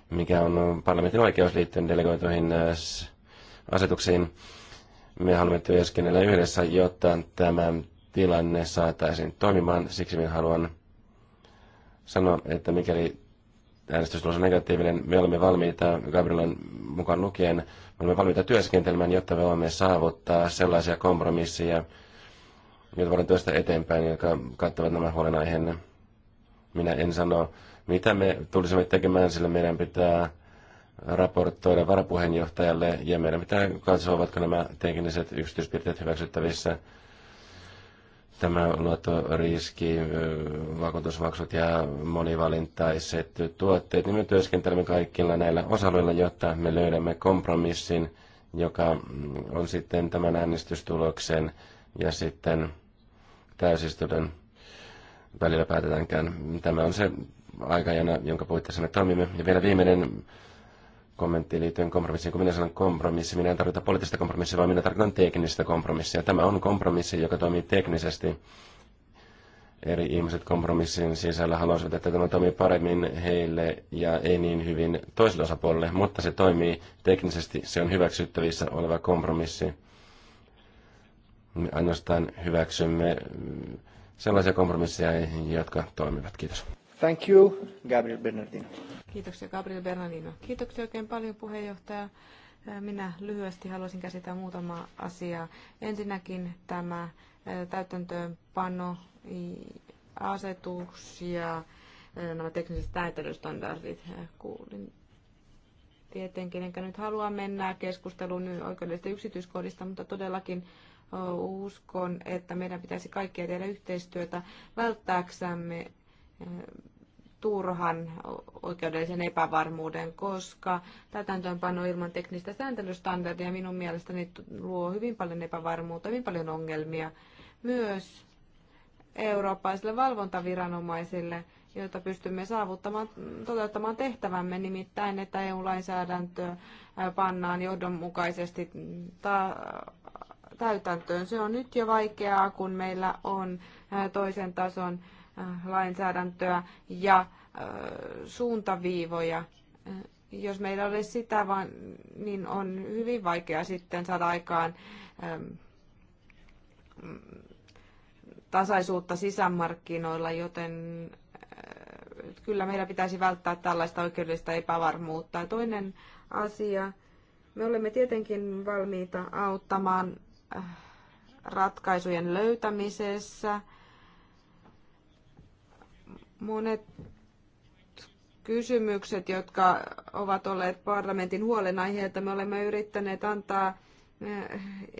mikä on parlamentin oikeus liittyen delegoituihin asetuksiin. Me haluamme työskennellä yhdessä, jotta tämä tilanne saataisiin toimimaan. Siksi minä haluan sanoa, että mikäli äänestystulos on negatiivinen, me olemme valmiita, Gabrielan mukaan lukien, me olemme valmiita työskentelemään, jotta me voimme saavuttaa sellaisia kompromisseja, joita voidaan työstä eteenpäin, jotka kattavat nämä huolenaiheenne. Minä en sano, mitä me tulisimme tekemään, sillä meidän pitää raportoida varapuheenjohtajalle ja meidän pitää katsoa, ovatko nämä tekniset yksityispiirteet hyväksyttävissä. Tämä luottoriski, vakuutusmaksut ja monivalintaiset tuotteet, niin me työskentelemme kaikilla näillä osa jotta me löydämme kompromissin, joka on sitten tämän äänestystuloksen ja sitten täysistunnon välillä päätetäänkään. Tämä on se aikajana, jonka puitteissa me toimimme. Ja vielä viimeinen kommentti liittyen kompromissiin. Kun minä sanon kompromissi, minä en tarvita poliittista kompromissia, vaan minä tarkoitan teknistä kompromissia. Tämä on kompromissi, joka toimii teknisesti. Eri ihmiset kompromissin sisällä haluaisivat, että tämä toimii paremmin heille ja ei niin hyvin toiselle osapuolelle, mutta se toimii teknisesti, se on hyväksyttävissä oleva kompromissi. Me ainoastaan hyväksymme mm, sellaisia kompromisseja, jotka toimivat. Kiitos. Thank you, Gabriel Bernardino. Kiitoksia, Gabriel Bernardino. Kiitoksia oikein paljon, puheenjohtaja. Minä lyhyesti haluaisin käsitellä muutama asiaa. Ensinnäkin tämä täytäntöönpano, asetus ja nämä tekniset säätelystandardit. Kuulin tietenkin, enkä nyt halua mennä keskusteluun oikeudellisista yksityiskohdista, mutta todellakin uskon, että meidän pitäisi kaikkia tehdä yhteistyötä välttääksemme eh, turhan oikeudellisen epävarmuuden, koska täytäntöönpano ilman teknistä sääntelystandardia minun mielestäni luo hyvin paljon epävarmuutta, hyvin paljon ongelmia myös eurooppaisille valvontaviranomaisille, joita pystymme saavuttamaan, toteuttamaan tehtävämme, nimittäin että EU-lainsäädäntö eh, pannaan johdonmukaisesti ta- täytäntöön. Se on nyt jo vaikeaa, kun meillä on toisen tason lainsäädäntöä ja suuntaviivoja. Jos meillä olisi sitä, vaan, niin on hyvin vaikea sitten saada aikaan tasaisuutta sisämarkkinoilla, joten kyllä meidän pitäisi välttää tällaista oikeudellista epävarmuutta. Toinen asia, me olemme tietenkin valmiita auttamaan ratkaisujen löytämisessä. Monet kysymykset, jotka ovat olleet parlamentin huolenaiheita, me olemme yrittäneet antaa eh,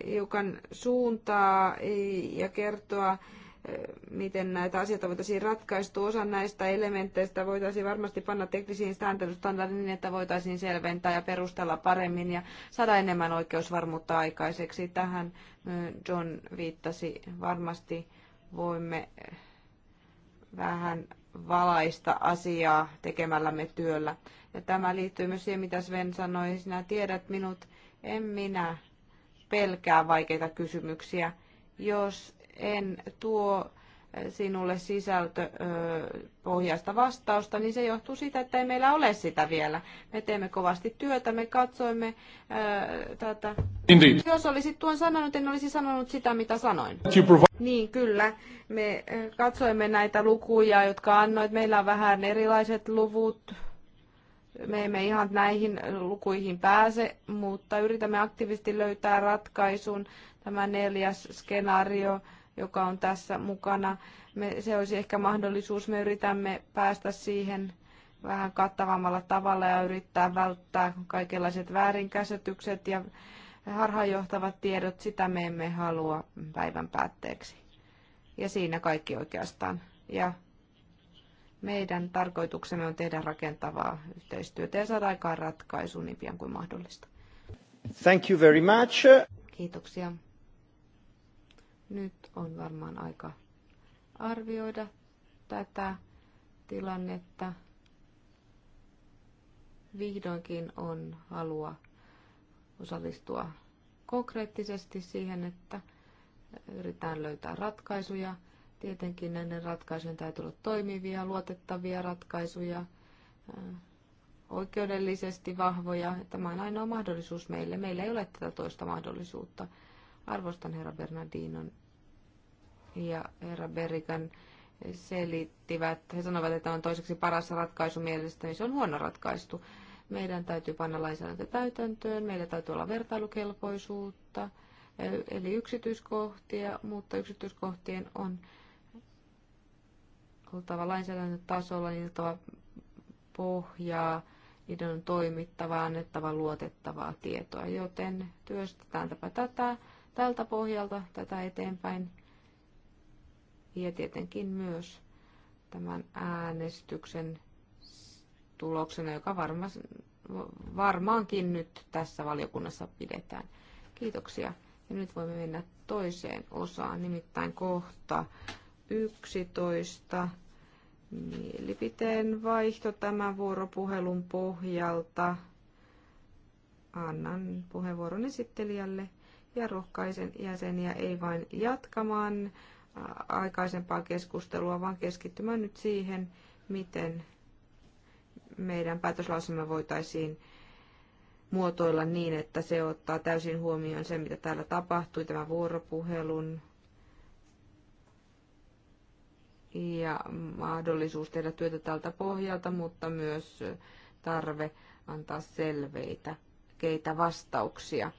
hiukan suuntaa ja kertoa miten näitä asioita voitaisiin ratkaistua. Osa näistä elementeistä voitaisiin varmasti panna teknisiin sääntelystandardeihin, niin että voitaisiin selventää ja perustella paremmin ja saada enemmän oikeusvarmuutta aikaiseksi. Tähän John viittasi. Varmasti voimme vähän valaista asiaa tekemällämme työllä. Ja tämä liittyy myös siihen, mitä Sven sanoi. Sinä tiedät minut, en minä pelkää vaikeita kysymyksiä. Jos en tuo eh, sinulle sisältöpohjaista eh, vastausta, niin se johtuu siitä, että ei meillä ole sitä vielä. Me teemme kovasti työtä, me katsoimme ö, eh, tätä. Indeed. Jos olisit tuon sanonut, en olisi sanonut sitä, mitä sanoin. Niin, kyllä. Me katsoimme näitä lukuja, jotka annoit. Meillä on vähän erilaiset luvut. Me emme ihan näihin lukuihin pääse, mutta yritämme aktiivisesti löytää ratkaisun. Tämä neljäs skenaario joka on tässä mukana. Me, se olisi ehkä mahdollisuus, me yritämme päästä siihen vähän kattavammalla tavalla ja yrittää välttää kaikenlaiset väärinkäsitykset ja harhaanjohtavat tiedot, sitä me emme halua päivän päätteeksi. Ja siinä kaikki oikeastaan. Ja meidän tarkoituksemme on tehdä rakentavaa yhteistyötä ja saada aikaan ratkaisu niin pian kuin mahdollista. Thank you very much. Kiitoksia. Nyt on varmaan aika arvioida tätä tilannetta. Vihdoinkin on halua osallistua konkreettisesti siihen, että yritetään löytää ratkaisuja. Tietenkin näiden ratkaisujen täytyy olla toimivia, luotettavia ratkaisuja, äh, oikeudellisesti vahvoja. Tämä on ainoa mahdollisuus meille. Meillä ei ole tätä toista mahdollisuutta. Arvostan herra Bernardinon ja herra Berikan selittivät, he sanovat, että on toiseksi paras ratkaisu mielestä, niin se on huono ratkaistu. Meidän täytyy panna lainsäädäntö täytäntöön, meillä täytyy olla vertailukelpoisuutta, eh, eli yksityiskohtia, mutta yksityiskohtien on oltava lainsäädäntötasolla, niin oltava pohjaa, niiden on toimittava, annettava luotettavaa tietoa, joten työstetään tätä tältä pohjalta tätä eteenpäin ja tietenkin myös tämän äänestyksen tuloksena, joka varma, varmaankin nyt tässä valiokunnassa pidetään. Kiitoksia. Ja nyt voimme mennä toiseen osaan, nimittäin kohta 11. Mielipiteen vaihto tämän vuoropuhelun pohjalta. Annan puheenvuoron esittelijälle ja rohkaisen jäseniä ei vain jatkamaan aikaisempaa keskustelua, vaan keskittymään nyt siihen, miten meidän päätöslausemme voitaisiin muotoilla niin, että se ottaa täysin huomioon sen, mitä täällä tapahtui, tämän vuoropuhelun ja mahdollisuus tehdä työtä tältä pohjalta, mutta myös tarve antaa selveitä, keitä vastauksia.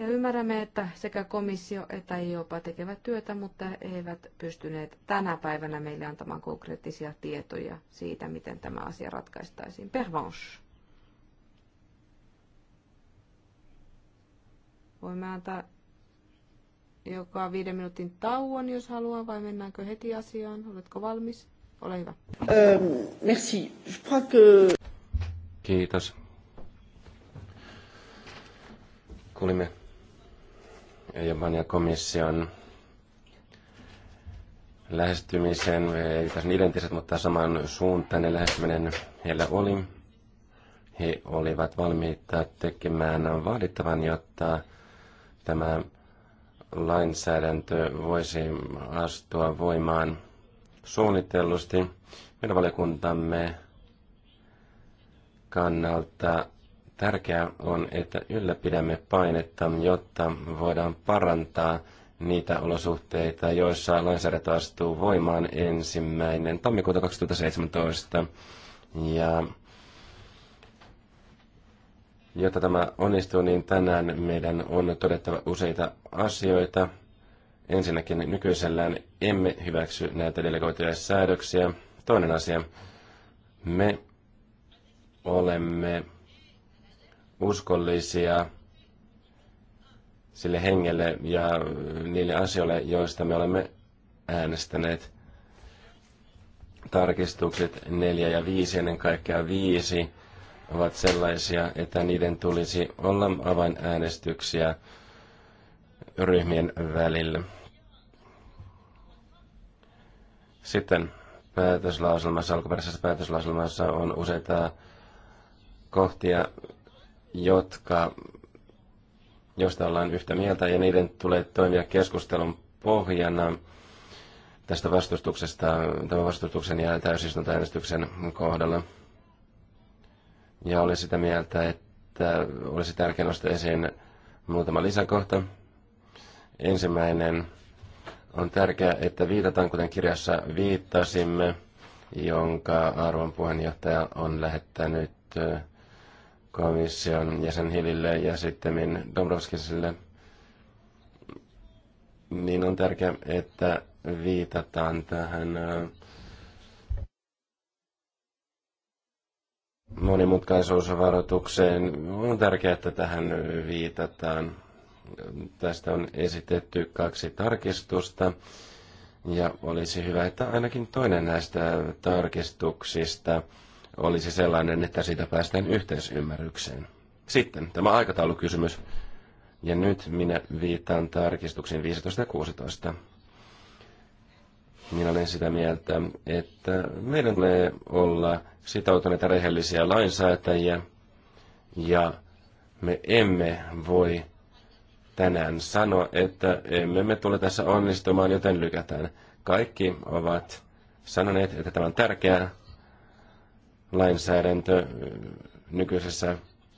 Ja ymmärrämme, että sekä komissio että jopa e tekevät työtä, mutta eivät pystyneet tänä päivänä meille antamaan konkreettisia tietoja siitä, miten tämä asia ratkaistaisiin. Pervanche. Voimme antaa joka viiden minuutin tauon, jos haluaa, vai mennäänkö heti asiaan? Oletko valmis? Ole hyvä. Ähm, merci. Kiitos. Kuulimme ja komission lähestymisen, ei tässä on identtiset, mutta samansuuntainen lähestyminen heillä oli. He olivat valmiita tekemään vaadittavan, jotta tämä lainsäädäntö voisi astua voimaan suunnitellusti. Meidän valiokuntamme kannalta Tärkeää on, että ylläpidämme painetta, jotta voidaan parantaa niitä olosuhteita, joissa lainsäädäntö astuu voimaan ensimmäinen tammikuuta 2017. Ja jotta tämä onnistuu, niin tänään meidän on todettava useita asioita. Ensinnäkin nykyisellään emme hyväksy näitä delegoituja säädöksiä. Toinen asia, me olemme uskollisia sille hengelle ja niille asioille, joista me olemme äänestäneet. Tarkistukset 4 ja 5, ennen kaikkea 5, ovat sellaisia, että niiden tulisi olla avainäänestyksiä ryhmien välillä. Sitten päätöslauselmassa, alkuperäisessä päätöslauselmassa on useita kohtia, jotka, joista ollaan yhtä mieltä, ja niiden tulee toimia keskustelun pohjana tästä vastustuksesta, tämän vastustuksen ja täysistuntoäänestyksen kohdalla. Ja olen sitä mieltä, että olisi tärkeää nostaa esiin muutama lisäkohta. Ensimmäinen on tärkeää, että viitataan, kuten kirjassa viittasimme, jonka arvon puheenjohtaja on lähettänyt komission jäsen Hilille ja sitten Dombrovskiselle, niin on tärkeää, että viitataan tähän monimutkaisuusvaroitukseen. On tärkeää, että tähän viitataan. Tästä on esitetty kaksi tarkistusta. Ja olisi hyvä, että ainakin toinen näistä tarkistuksista olisi sellainen, että siitä päästään yhteisymmärrykseen. Sitten tämä aikataulukysymys. Ja nyt minä viittaan tarkistuksiin 15 ja 16. Minä olen sitä mieltä, että meidän tulee olla sitoutuneita rehellisiä lainsäätäjiä ja me emme voi tänään sanoa, että emme me tule tässä onnistumaan, joten lykätään. Kaikki ovat sanoneet, että tämä on tärkeää, lainsäädäntö nykyisessä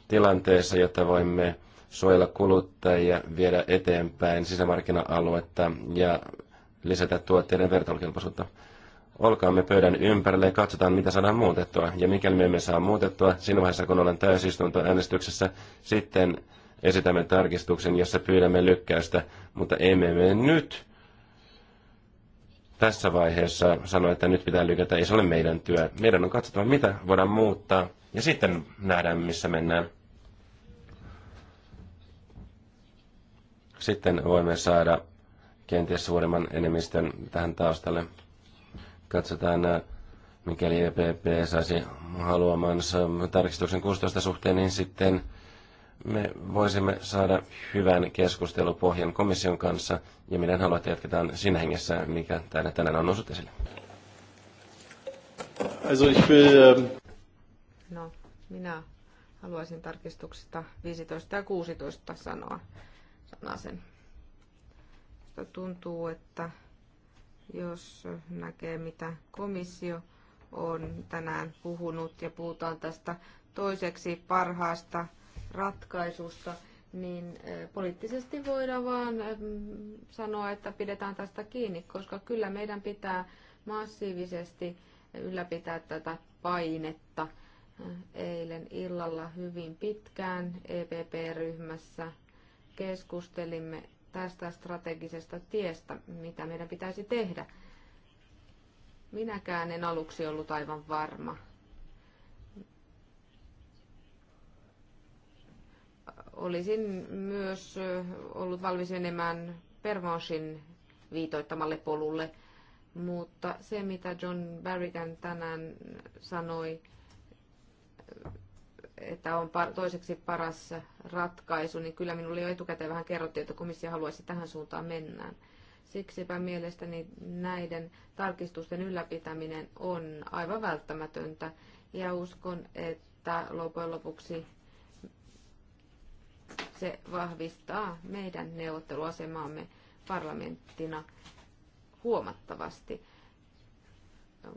tilanteessa, jotta voimme suojella kuluttajia, viedä eteenpäin sisämarkkina-aluetta ja lisätä tuotteiden vertailukelpoisuutta. Olkaamme pöydän ympärille ja katsotaan, mitä saadaan muutettua. Ja mikäli me emme saa muutettua, siinä vaiheessa kun olen äänestyksessä, sitten esitämme tarkistuksen, jossa pyydämme lykkäystä, mutta emme me nyt tässä vaiheessa sanoa, että nyt pitää lykätä, ei se ole meidän työ. Meidän on katsottava, mitä voidaan muuttaa, ja sitten nähdään, missä mennään. Sitten voimme saada kenties suuremman enemmistön tähän taustalle. Katsotaan, mikäli EPP saisi haluamansa tarkistuksen 16 suhteen, niin sitten – me voisimme saada hyvän keskustelupohjan komission kanssa, ja minä haluan, että jatketaan siinä hengessä, mikä täällä tänään on noussut esille. Also ich will, ähm, No, minä haluaisin tarkistuksista 15 ja 16 sanoa sanasen. Tuntuu, että jos näkee, mitä komissio on tänään puhunut ja puhutaan tästä toiseksi parhaasta ratkaisusta, niin poliittisesti voidaan vaan sanoa, että pidetään tästä kiinni, koska kyllä meidän pitää massiivisesti ylläpitää tätä painetta. Eilen illalla hyvin pitkään EPP-ryhmässä keskustelimme tästä strategisesta tiestä, mitä meidän pitäisi tehdä. Minäkään en aluksi ollut aivan varma Olisin myös ollut valmis menemään Pervanshin viitoittamalle polulle, mutta se mitä John Barrigan tänään sanoi, että on toiseksi paras ratkaisu, niin kyllä minulle jo etukäteen vähän kerrottiin, että komissio haluaisi tähän suuntaan mennään. Siksipä mielestäni näiden tarkistusten ylläpitäminen on aivan välttämätöntä ja uskon, että loppujen lopuksi se vahvistaa meidän neuvotteluasemaamme parlamenttina huomattavasti.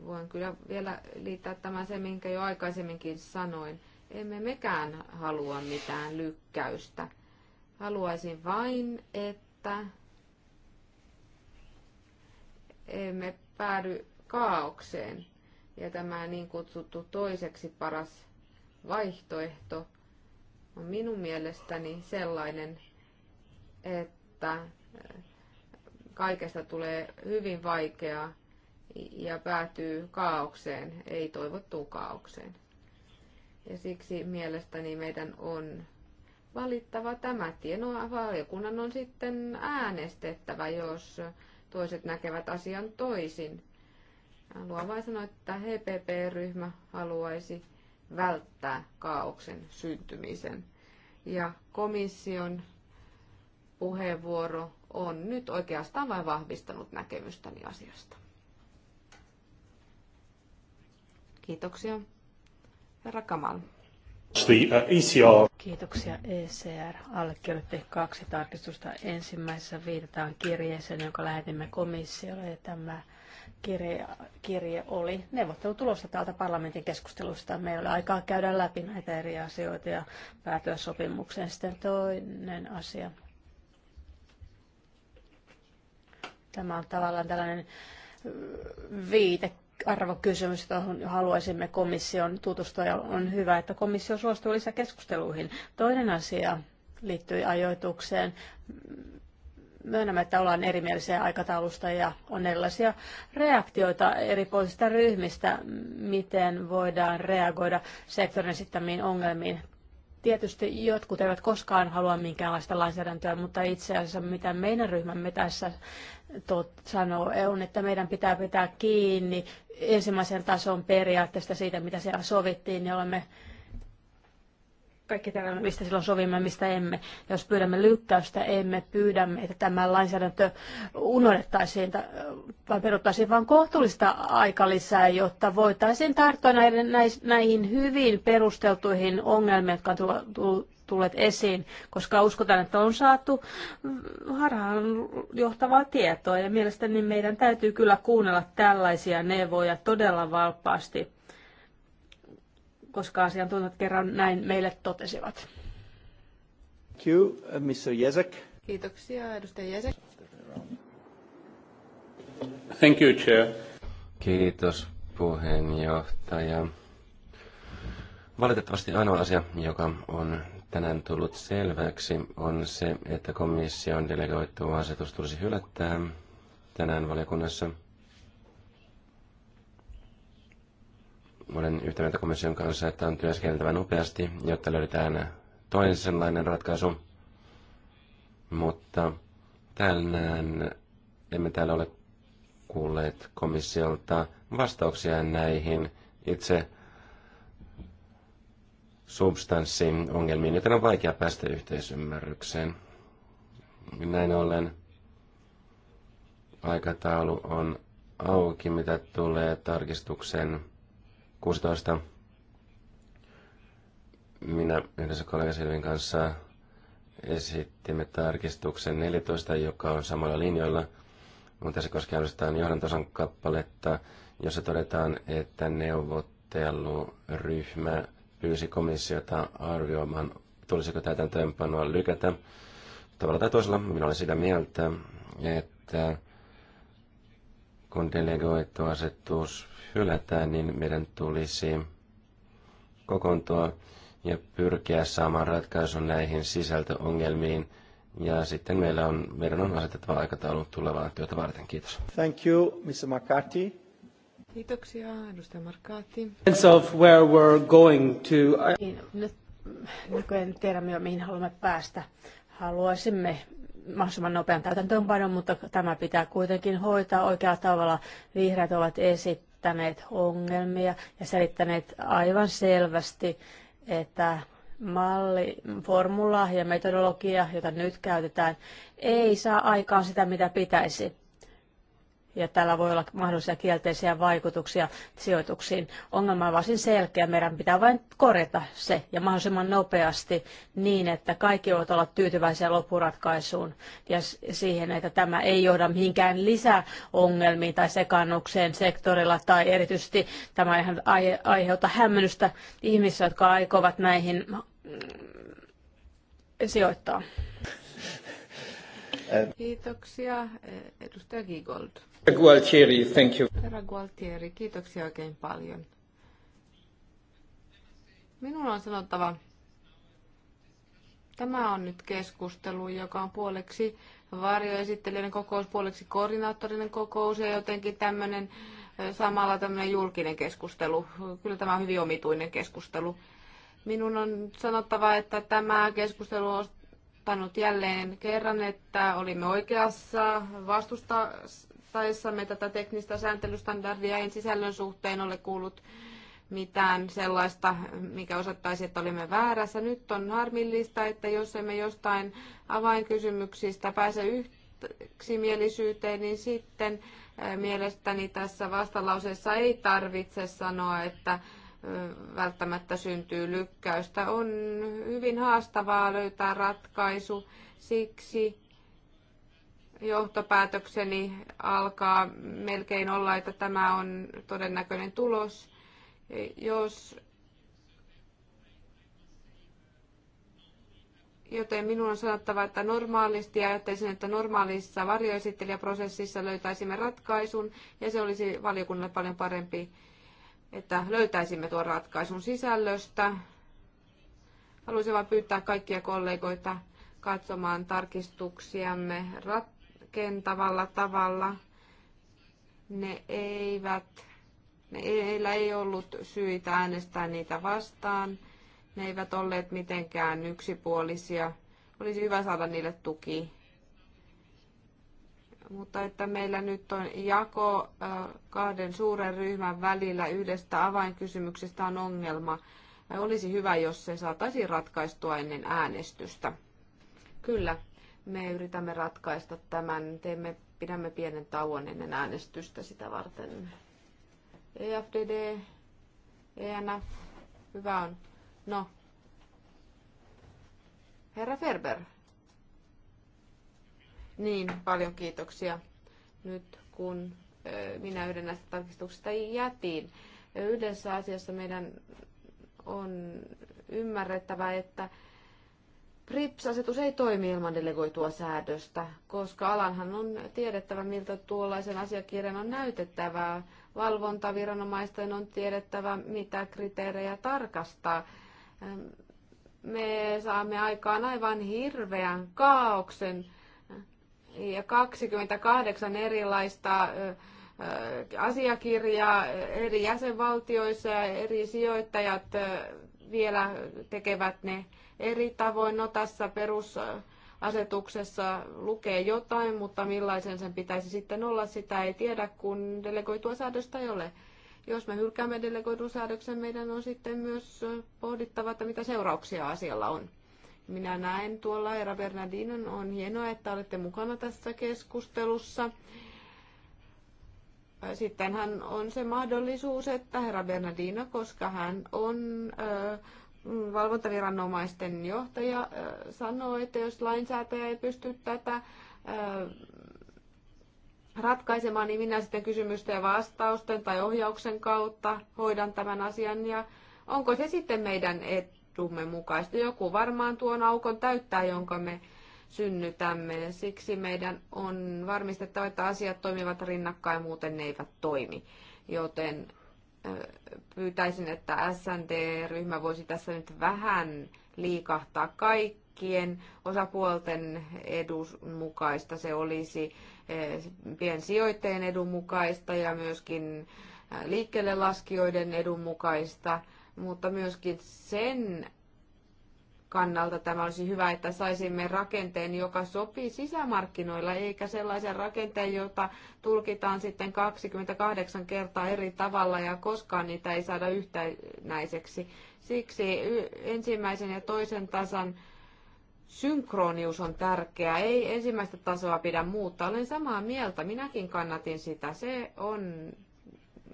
Voin kyllä vielä liittää tämän se, minkä jo aikaisemminkin sanoin. Emme mekään halua mitään lykkäystä. Haluaisin vain, että emme päädy kaaukseen. Ja tämä niin kutsuttu toiseksi paras vaihtoehto on minun mielestäni sellainen, että kaikesta tulee hyvin vaikeaa ja päätyy kaaukseen, ei toivottuun kaaukseen. Ja siksi mielestäni meidän on valittava tämä tieno. valiokunnan on sitten äänestettävä, jos toiset näkevät asian toisin. Haluan vain sanoa, että HPP-ryhmä haluaisi välttää kaauksen syntymisen. Ja komission puheenvuoro on nyt oikeastaan vain vahvistanut näkemystäni asiasta. Kiitoksia. Herra Kamal. E Kiitoksia ECR. Allekirjoitti kaksi tarkistusta. Ensimmäisessä viitataan kirjeeseen, jonka lähetimme komissiolle. Ja tämä kirje, kirje oli neuvottelutulosta täältä parlamentin keskustelusta. Meillä oli aikaa käydä läpi näitä eri asioita ja päätyä sopimukseen. Sitten toinen asia. Tämä on tavallaan tällainen äh, viite arvokysymys, johon haluaisimme komission tutustua ja on hyvä, että komissio suostuu lisäkeskusteluihin. Toinen asia liittyy ajoitukseen. Myönnämme, että ollaan erimielisiä aikataulusta ja on erilaisia reaktioita eri puolisista ryhmistä, miten voidaan reagoida sektorin esittämiin ongelmiin. Tietysti jotkut eivät koskaan halua minkäänlaista lainsäädäntöä, mutta itse asiassa mitä meidän ryhmämme tässä tot, sanoo, on, että meidän pitää pitää kiinni ensimmäisen tason periaatteesta siitä, mitä siellä sovittiin, niin olemme kaikki tämä, mistä silloin sovimme, mistä emme. Ja jos pyydämme lykkäystä, emme pyydämme, että tämä lainsäädäntö unohdettaisiin, vaan peruttaisiin vain kohtuullista aikalisää, jotta voitaisiin tarttua näihin, näihin hyvin perusteltuihin ongelmiin, jotka on tulleet esiin, koska uskotaan, että on saatu harhaan johtavaa tietoa. Ja mielestäni meidän täytyy kyllä kuunnella tällaisia neuvoja todella valppaasti koska asiantuntijat kerran näin meille totesivat. Thank you, uh, Mr. Jezek. Kiitoksia, edustaja Jezek. Thank you, Chair. Kiitos, puheenjohtaja. Valitettavasti ainoa asia, joka on tänään tullut selväksi, on se, että komission delegoittu asetus tulisi hylättää tänään valiokunnassa – olen yhtä mieltä komission kanssa, että on työskenteltävä nopeasti, jotta löydetään toisenlainen ratkaisu. Mutta tänään emme täällä ole kuulleet komissiolta vastauksia näihin itse substanssiongelmiin, joten on vaikea päästä yhteisymmärrykseen. Näin ollen aikataulu on auki, mitä tulee tarkistuksen 16 minä yhdessä kollega Silvin kanssa esittimme tarkistuksen 14, joka on samalla linjoilla, mutta se koskee ainoastaan johdantosan kappaletta, jossa todetaan, että neuvotteluryhmä pyysi komissiota arvioimaan, tulisiko täytäntöönpanoa lykätä. Tavalla tai toisella minä olen sitä mieltä, että kun delegoitu asetus hylätään, niin meidän tulisi kokoontua ja pyrkiä saamaan ratkaisun näihin sisältöongelmiin. Ja sitten meillä on, meidän on asetettava aikataulu tulevaa työtä varten. Kiitos. Thank you, Mr. McCarthy. Kiitoksia, edustaja Markkaatti. Of where we're going to... Niin, nyt, nyt kun en tiedä, mihin haluamme päästä, haluaisimme mahdollisimman nopean täytäntöönpanon, mutta tämä pitää kuitenkin hoitaa oikealla tavalla. Vihreät ovat esittäneet ongelmia ja selittäneet aivan selvästi, että malli, formula ja metodologia, jota nyt käytetään, ei saa aikaan sitä, mitä pitäisi ja tällä voi olla mahdollisia kielteisiä vaikutuksia sijoituksiin. Ongelma on varsin selkeä, meidän pitää vain korjata se ja mahdollisimman nopeasti niin, että kaikki voivat olla tyytyväisiä loppuratkaisuun ja siihen, että tämä ei johda mihinkään lisäongelmiin tai sekannukseen sektorilla tai erityisesti tämä ei aiheuta hämmennystä ihmisissä, jotka aikovat näihin mm, sijoittaa. Kiitoksia. Edustaja Gigold. Gualtieri, thank you. Herra Gualtieri, kiitoksia oikein paljon. Minulla on sanottava, tämä on nyt keskustelu, joka on puoleksi varjoesittelijöiden kokous, puoleksi koordinaattorinen kokous ja jotenkin tämmöinen samalla tämmöinen julkinen keskustelu. Kyllä tämä on hyvin omituinen keskustelu. Minun on sanottava, että tämä keskustelu on ottanut jälleen kerran, että olimme oikeassa vastusta tarkastaessamme tätä teknistä sääntelystandardia en sisällön suhteen ole kuullut mitään sellaista, mikä osoittaisi, että olimme väärässä. Nyt on harmillista, että jos emme jostain avainkysymyksistä pääse yksimielisyyteen, niin sitten eh, mielestäni tässä vastalauseessa ei tarvitse sanoa, että eh, välttämättä syntyy lykkäystä. On hyvin haastavaa löytää ratkaisu, siksi johtopäätökseni alkaa melkein olla, että tämä on todennäköinen tulos. Jos Joten minun on sanottava, että normaalisti ajattelisin, että normaalissa varjoesittelijäprosessissa löytäisimme ratkaisun ja se olisi valiokunnalle paljon parempi, että löytäisimme tuon ratkaisun sisällöstä. Haluaisin vain pyytää kaikkia kollegoita katsomaan tarkistuksiamme rat- rakentavalla tavalla. Ne eivät, ne, heillä ei ollut syitä äänestää niitä vastaan. Ne eivät olleet mitenkään yksipuolisia. Olisi hyvä saada niille tuki. Mutta että meillä nyt on jako kahden suuren ryhmän välillä yhdestä avainkysymyksestä on ongelma. Olisi hyvä, jos se saataisiin ratkaistua ennen äänestystä. Kyllä me yritämme ratkaista tämän. Teemme, pidämme pienen tauon ennen äänestystä sitä varten. EFDD, ENF, hyvä on. No, herra Ferber. Niin, paljon kiitoksia. Nyt kun minä yhden näistä tarkistuksista jätin. Yhdessä asiassa meidän on ymmärrettävä, että PRIPS-asetus ei toimi ilman delegoitua säädöstä, koska alanhan on tiedettävä, miltä tuollaisen asiakirjan on näytettävää. Valvontaviranomaisten on tiedettävä, mitä kriteerejä tarkastaa. Ehm, me saamme aikaan aivan hirveän kaauksen ja 28 erilaista ehm, asiakirjaa eri jäsenvaltioissa ja eri sijoittajat ehm, vielä tekevät ne eri tavoin. No tässä perusasetuksessa lukee jotain, mutta millaisen sen pitäisi sitten olla, sitä ei tiedä, kun delegoitua säädöstä ei ole. Jos me hylkäämme delegoidun säädöksen, meidän on sitten myös pohdittava, että mitä seurauksia asialla on. Minä näen tuolla, Era Bernardinon, on hienoa, että olette mukana tässä keskustelussa. Sitten hän on se mahdollisuus, että herra Bernardino, koska hän on valvontaviranomaisten johtaja sanoo, että jos lainsäätäjä ei pysty tätä ratkaisemaan, niin minä sitten kysymysten ja vastausten tai ohjauksen kautta hoidan tämän asian. Ja onko se sitten meidän etumme mukaista? Joku varmaan tuon aukon täyttää, jonka me synnytämme. Siksi meidän on varmistettava, että asiat toimivat rinnakkain, muuten ne eivät toimi. Joten pyytäisin, että SND-ryhmä voisi tässä nyt vähän liikahtaa kaikkien osapuolten edun mukaista. Se olisi eh, piensijoittajien edun mukaista ja myöskin eh, liikkeelle laskijoiden edun mukaista, mutta myöskin sen kannalta tämä olisi hyvä, että saisimme rakenteen, joka sopii sisämarkkinoilla, eikä sellaisen rakenteen, jota tulkitaan sitten 28 kertaa eri tavalla ja koskaan niitä ei saada yhtenäiseksi. Siksi ensimmäisen ja toisen tasan synkronius on tärkeää. Ei ensimmäistä tasoa pidä muuttaa. Olen samaa mieltä. Minäkin kannatin sitä. Se on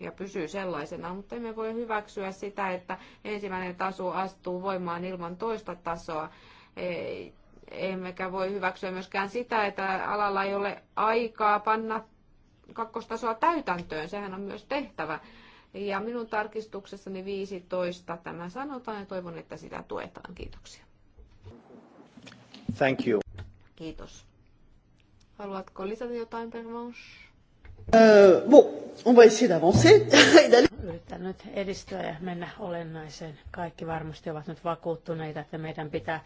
ja pysyy sellaisena, mutta emme voi hyväksyä sitä, että ensimmäinen taso astuu voimaan ilman toista tasoa. Ei, emmekä voi hyväksyä myöskään sitä, että alalla ei ole aikaa panna kakkostasoa täytäntöön. Sehän on myös tehtävä. Ja minun tarkistuksessani 15 tämä sanotaan ja toivon, että sitä tuetaan. Kiitoksia. Thank you. Kiitos. Haluatko lisätä jotain, Pervanche? Uh, bon, on va essayer d'avancer. [LAUGHS] Yritän nyt edistyä ja mennä olennaiseen. Kaikki varmasti ovat nyt vakuuttuneita, että meidän pitää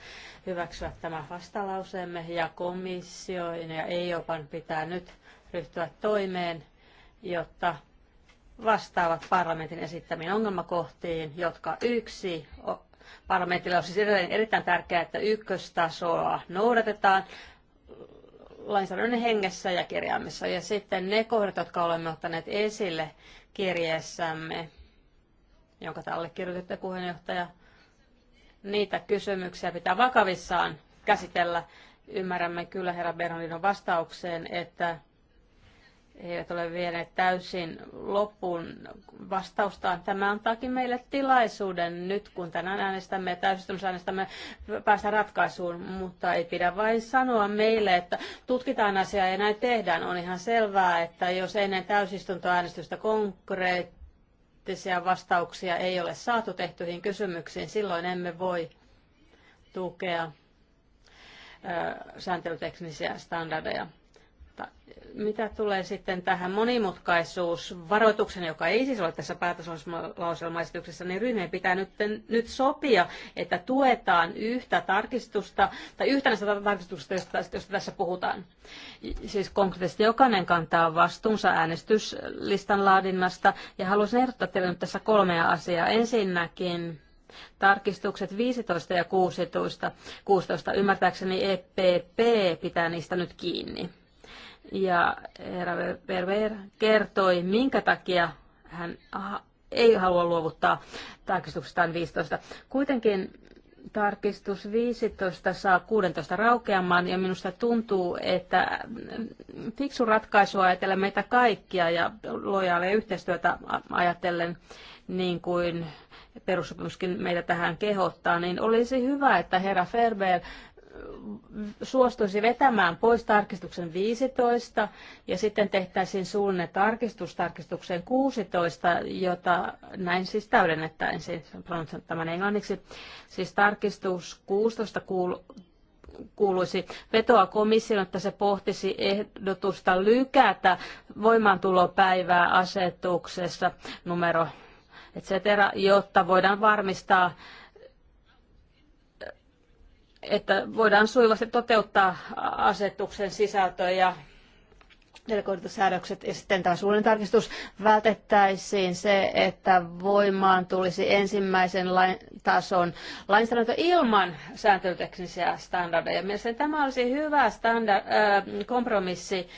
hyväksyä tämä vastalauseemme ja komissio ja EIOPan pitää nyt ryhtyä toimeen, jotta vastaavat parlamentin esittämiin ongelmakohtiin, jotka yksi, parlamentille on siis erittäin tärkeää, että ykköstasoa noudatetaan, lainsäädännön hengessä ja kirjaamissa. Ja sitten ne kohdat, jotka olemme ottaneet esille kirjeessämme, jonka tälle allekirjoititte puheenjohtaja, niitä kysymyksiä pitää vakavissaan käsitellä. Ymmärrämme kyllä herra Bernardino vastaukseen, että ei eivät ole vielä täysin loppuun vastaustaan. Tämä antaakin meille tilaisuuden nyt, kun tänään äänestämme ja täysistunnossa äänestämme päästä ratkaisuun, mutta ei pidä vain sanoa meille, että tutkitaan asiaa ja näin tehdään. On ihan selvää, että jos ennen täysistuntoäänestystä konkreettisia vastauksia ei ole saatu tehtyihin kysymyksiin, silloin emme voi tukea sääntelyteknisiä standardeja. Mitä tulee sitten tähän monimutkaisuusvaroituksen, joka ei siis ole tässä päätöslauselmaesityksessä, niin ryhmien pitää nyt, nyt sopia, että tuetaan yhtä tarkistusta tai yhtä näistä tarkistuksista, josta, josta tässä puhutaan. Siis konkreettisesti jokainen kantaa vastuunsa äänestyslistan laadinnasta ja haluaisin ehdottaa teille nyt tässä kolmea asiaa. Ensinnäkin Tarkistukset 15 ja 16, 16 ymmärtääkseni EPP pitää niistä nyt kiinni. Ja Herra Berber kertoi, minkä takia hän ah, ei halua luovuttaa tarkistuksestaan 15. Kuitenkin tarkistus 15 saa 16 raukeamaan ja minusta tuntuu, että fiksu ratkaisu ajatellen meitä kaikkia ja lojaaleja yhteistyötä ajatellen niin kuin perussopimuskin meitä tähän kehottaa, niin olisi hyvä, että herra Ferber suostuisi vetämään pois tarkistuksen 15 ja sitten tehtäisiin suullinen tarkistus tarkistukseen 16, jota näin siis täydennettäisiin, sanon siis tämän englanniksi, siis tarkistus 16 kuuluu kuuluisi vetoa komission, että se pohtisi ehdotusta lykätä voimaantulopäivää asetuksessa numero et cetera, jotta voidaan varmistaa että voidaan sujuvasti toteuttaa asetuksen sisältöä ja delegoidut ja sitten tämä suullinen tarkistus vältettäisiin se, että voimaan tulisi ensimmäisen lain, tason lainsäädäntö ilman sääntelyteknisiä standardeja. Mielestäni tämä olisi hyvä standard, äh, kompromissi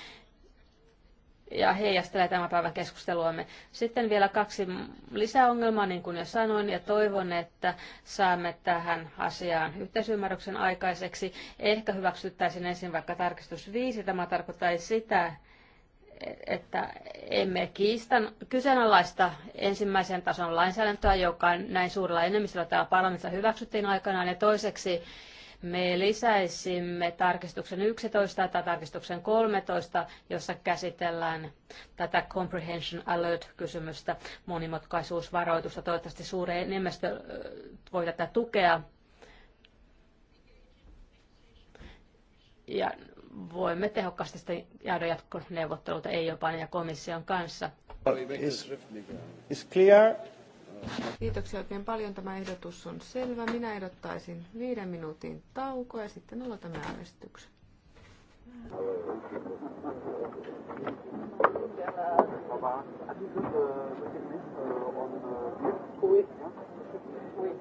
ja heijastelee tämän päivän keskusteluamme. Sitten vielä kaksi lisäongelmaa, niin kuin jo sanoin, ja toivon, että saamme tähän asiaan yhteisymmärryksen aikaiseksi. Ehkä hyväksyttäisiin ensin vaikka tarkistus 5. Tämä tarkoittaisi sitä, että emme kiistan kyseenalaista ensimmäisen tason lainsäädäntöä, joka näin suurella enemmistöllä täällä parlamentissa hyväksyttiin aikanaan, ja toiseksi me lisäisimme tarkistuksen 11 tai tarkistuksen 13, jossa käsitellään tätä comprehension alert-kysymystä, monimutkaisuusvaroitusta. Toivottavasti suuri enemmistö voi tätä tukea. Ja voimme tehokkaasti sitten jäädä jatkoneuvotteluita ei jopa ja komission kanssa. Is, is clear. Kiitoksia oikein paljon. Tämä ehdotus on selvä. Minä ehdottaisin viiden minuutin taukoa ja sitten aloitamme äänestyksen. Uh, uh, uh, oui. Oui.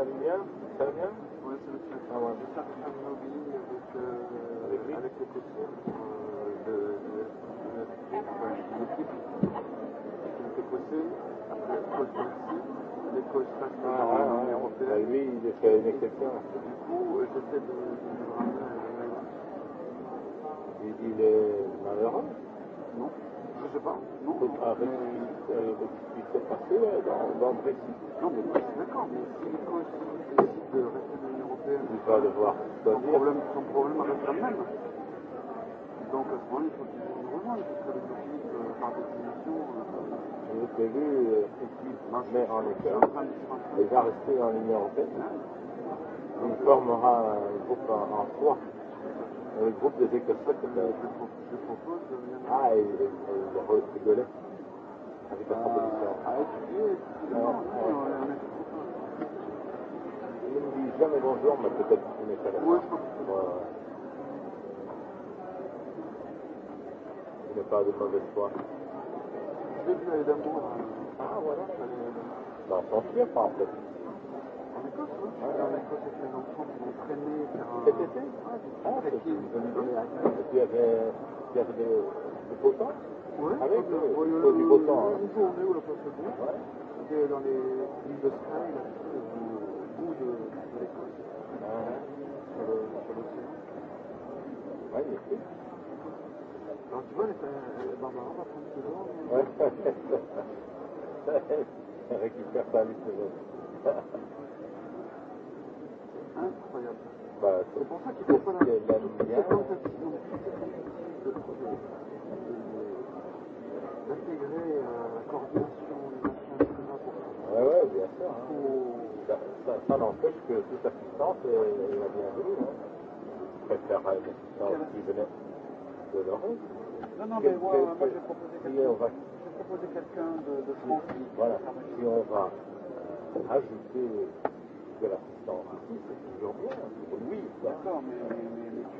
t'allais bien Ça va bien Oui, c'est le plus. Ah ouais. il fait une exception. il est malheureux Non sais pas. Non, c'est pas avec ce qui s'est passé dans, dans le Brexit. Non, mais Brexit, d'accord, mais si quand il décide de rester dans l'Union Européenne, il va devoir son problème, son problème reste le même. Donc à ce moment-là, il faut qu'il nous rejoigne, parce que le Brexit, euh, par définition. Euh, euh je t'ai vu, euh, équipe, mais en Écosse, il va rester dans l'Union Européenne. Il formera un groupe en, en soi. Euh, le groupe des Écossais. Je propose de venir. Ah, et, et, Koyup böyle. Hadi bakalım. Hayır. Non, Il ne dit jamais bonjour, mais peut-être qu'il n'est pas là. Oui, je pense que Il n'est pas de mauvaise foi. Je vais lui aller d'amour. Ah, voilà. Bah, sans fuir, pas en fait. En Écosse, oui. Ouais. En Écosse, il y a des enfants qui vont traîner. Cet été Ouais, j'ai ah, Et puis, il y avait, il y avait des, des potents Ouais, avec le, euh, le, du beau euh, temps. Hein. Une journée où la place est bonne. Ouais. C'était dans les villes de Sky, là, au bout de, de l'école. Ah. Sur l'océan. Ouais, il est Alors tu vois, elle est, Barbara va prendre ce genre. Ouais. [LAUGHS] elle récupère pas vite les autres. [LAUGHS] Incroyable. Bah, c'est pour ça qu'il ne faut pas la... la... la d'intégrer euh, la coordination des anciens prisons pour Oui, oui, bien sûr. Hein. Ou... Ça, ça, ça n'empêche que toute assistance est, est la bienvenue. Hein. Je préfère une euh, assistance qui venait de l'Europe. Non, non, mais moi, moi j'ai proposé quelqu'un va... proposé quelqu'un de, de France. Oui, voilà, si on va euh, ajouter de l'assistance ici, c'est toujours bien. Oui, d'accord, mais, mais, mais tu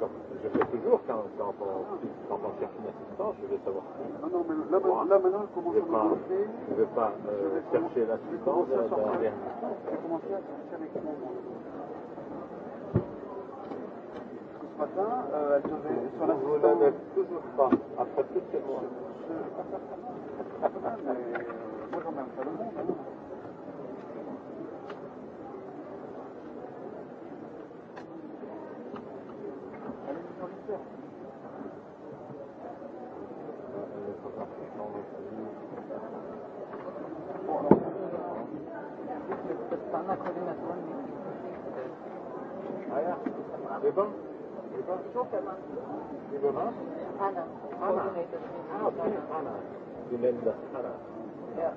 Donc, je fais toujours quand, quand, on, quand on cherche une assistance, je vais savoir Non, ah non, mais là, moi, là maintenant, comment je vais pas, Je ne vais pas euh, je vais chercher l'assistance Je vais commencer à chercher avec mon Ce matin, euh, elle devait, sur la Vous ne l'avez toujours pas, après toutes ces mois. Je ne sais pas faire ça. mais moi, j'emmerde le monde. Hein. Beba? Beba? Çok hemen. Beba? Ana. Ana. Ana. Ana. Günlerinde. Ana. Ja.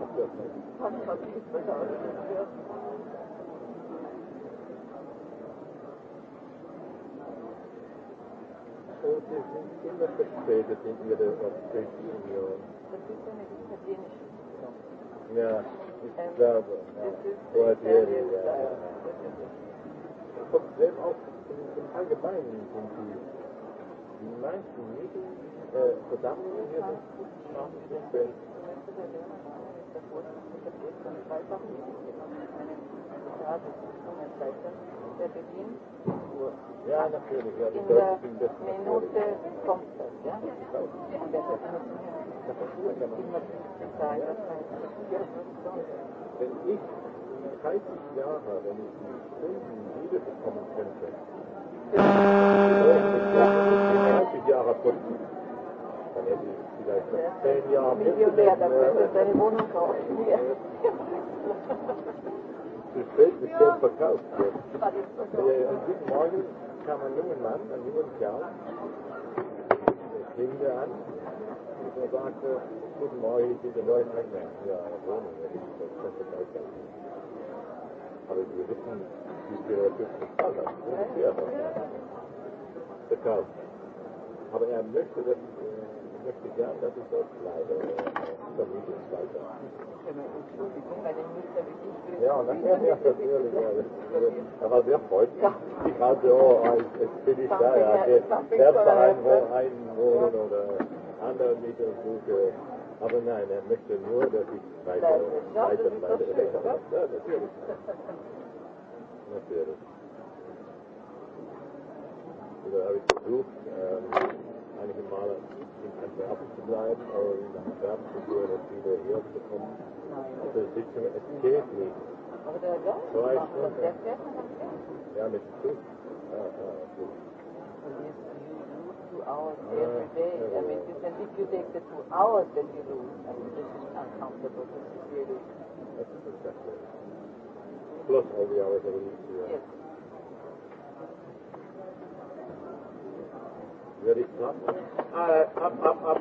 Was ist das? Was ist das? und sie sind immer verspätet in ihre Opinion. Das ist eine italienische Ja, ich glaube, ja. Guardiere, ja, ja. Das Problem auch im Allgemeinen sind die, die meisten Medien äh, verdammt ihre Nachrichten. Ich habe der beginnt. Ja, natürlich. Ja, in der Minute kommt das. Ja? Und das ist immer Zeit. Wenn ich 30 Jahre, wenn ich die Stunden wiederbekommen könnte, 30 Jahre Politik, dann hätte ich vielleicht noch 10 Jahre Millionär, dann könnte ich seine Wohnung kaufen. Dus veel te veel verkauft wordt. Guten Morgen kam ein junger Mann, ein junger Kerl, der klingelte an und er sagte, guten Morgen, ich bin der neue Eigner Ihrer Wohnung, da gibt es das ganze Aber Sie wissen, wie viel er für bezahlt hat. Das ist sehr verkauft. Aber er möchte, dass wirklich, ja, das ist auch leider Vermietungsweiter. Ja, nachher, ja, natürlich. Ja. Er war sehr freundlich. Ich hatte, oh, jetzt bin ich da, er hatte Ärzteeinwohnen oder andere Mietersuche. Aber nein, er möchte nur, dass ich weiter, weiter, Ja, natürlich. Natürlich. Da habe ich versucht, einige Male in Antwerpen zu bleiben, aber in Antwerpen zu gehen und wieder herzukommen. zu kommen. Also es, ist, es geht nicht. Aber der Dorf Zwei macht das, der fährt nach Antwerpen. Ja, mit Zug. Ja, ja, gut. And you, you lose two hours uh, every day. Yeah, I mean, this, and if you take the two hours that you lose, I mean, this is uncomfortable. This is really... That's exactly. Plus all the hours that we lose here. Yes. Ready? Up. All right, up, up, up.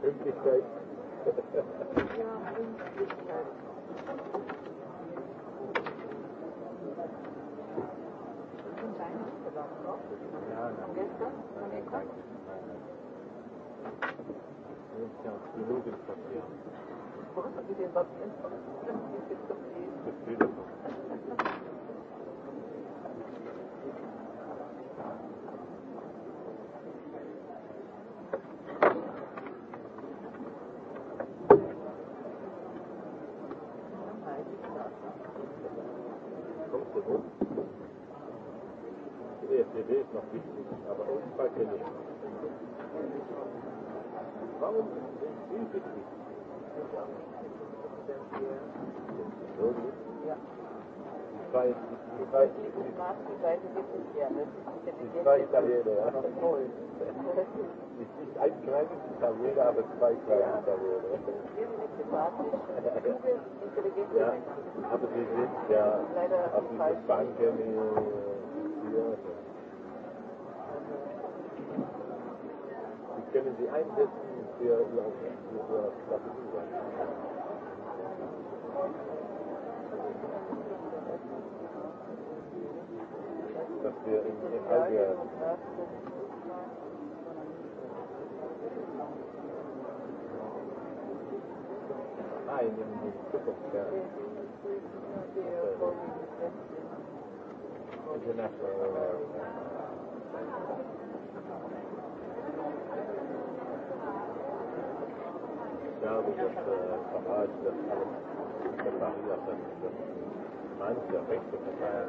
Pünktlich Zeit. ja, pünktlich Zeit. Warum hat sie den Bad Innsbruck? Das ist doch Italiener, ja. Nicht, nicht ein kleines Italiener, aber zwei kleine Italiener. ja, aber die sind ja auf diese Banken hier. Die können sie einsetzen für ihre, für ihre Strategie. dass wir in, in Alger Ah, in dem Zukunft, ja. International. Ich glaube, dass Farage das alles repariert hat, dass manche Rechte verteilt.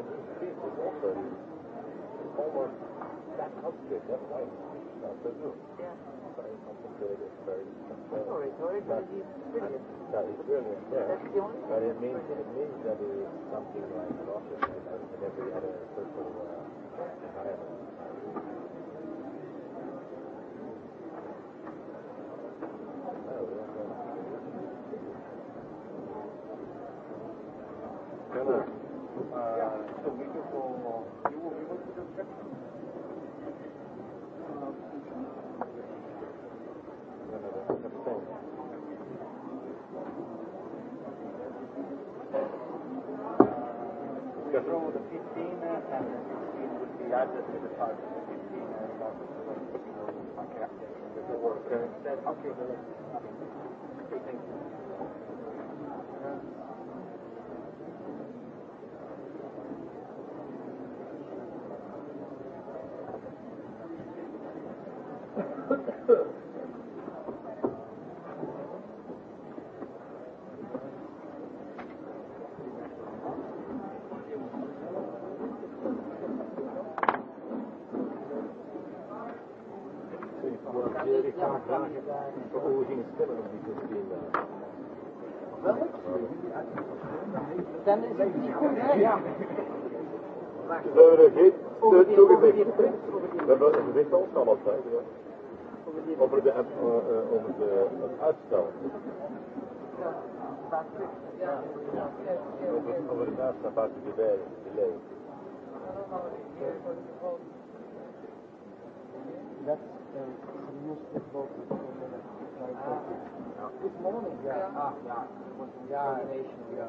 but his feet was open, almost that outfit, that way, out the room. Yeah. Very concentrated, very controlled. Sorry, sorry, but, but he's brilliant. That is brilliant, yeah. That's the only But it means, it means that it is something like an office in every other social uh, environment. Okay, dann ist es nicht gut. Ja. Behöver geen steun toegezegd. We hebben een gezicht opstaan al tijd. Over, de, uh, uh, over de, het uitstel. Ja, ja. Over het uitstel van de delay. That's uh, news about the This morning, yeah. Ah, yeah. Ah, yeah.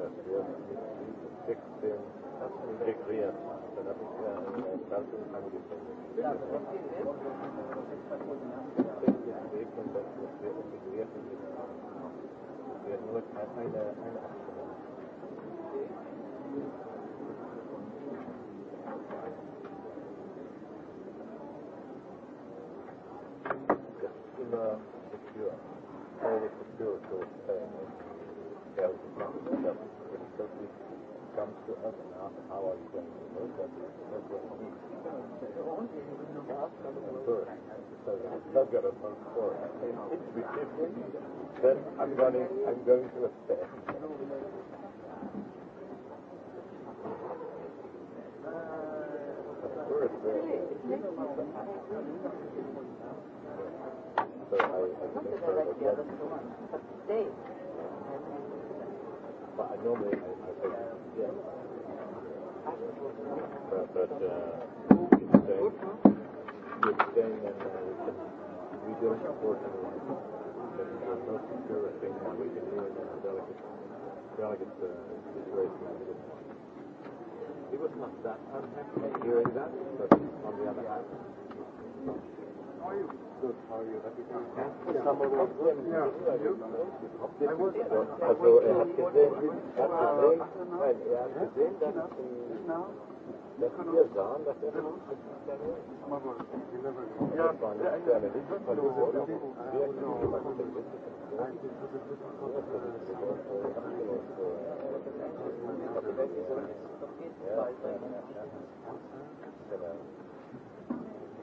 dass wir 16 integriert haben. Dann habe ich ja eine Entlassung angekündigt. Ja, das ist der Weg und das ist sehr integriert in den Es wäre nur eine, eine Abstimmung. Das ist immer secure. Always secure to uh, that comes to us and asks how are you going to work that that's what it means. And first, so I've got a phone for it. It's different, then I'm running I'm going to a fair. So I, I But I normally I, I take Yeah. But, but uh, you stay, you stay and uh, we don't support anyone. There's no secure thing that we can do in a delicate, delicate uh, situation like this one. He was not that unhappy hearing that, but on the other hand, How you? Also er hat gesehen, er hat gesehen, nein, er hat gesehen, dass dass wir sahen, dass er ja,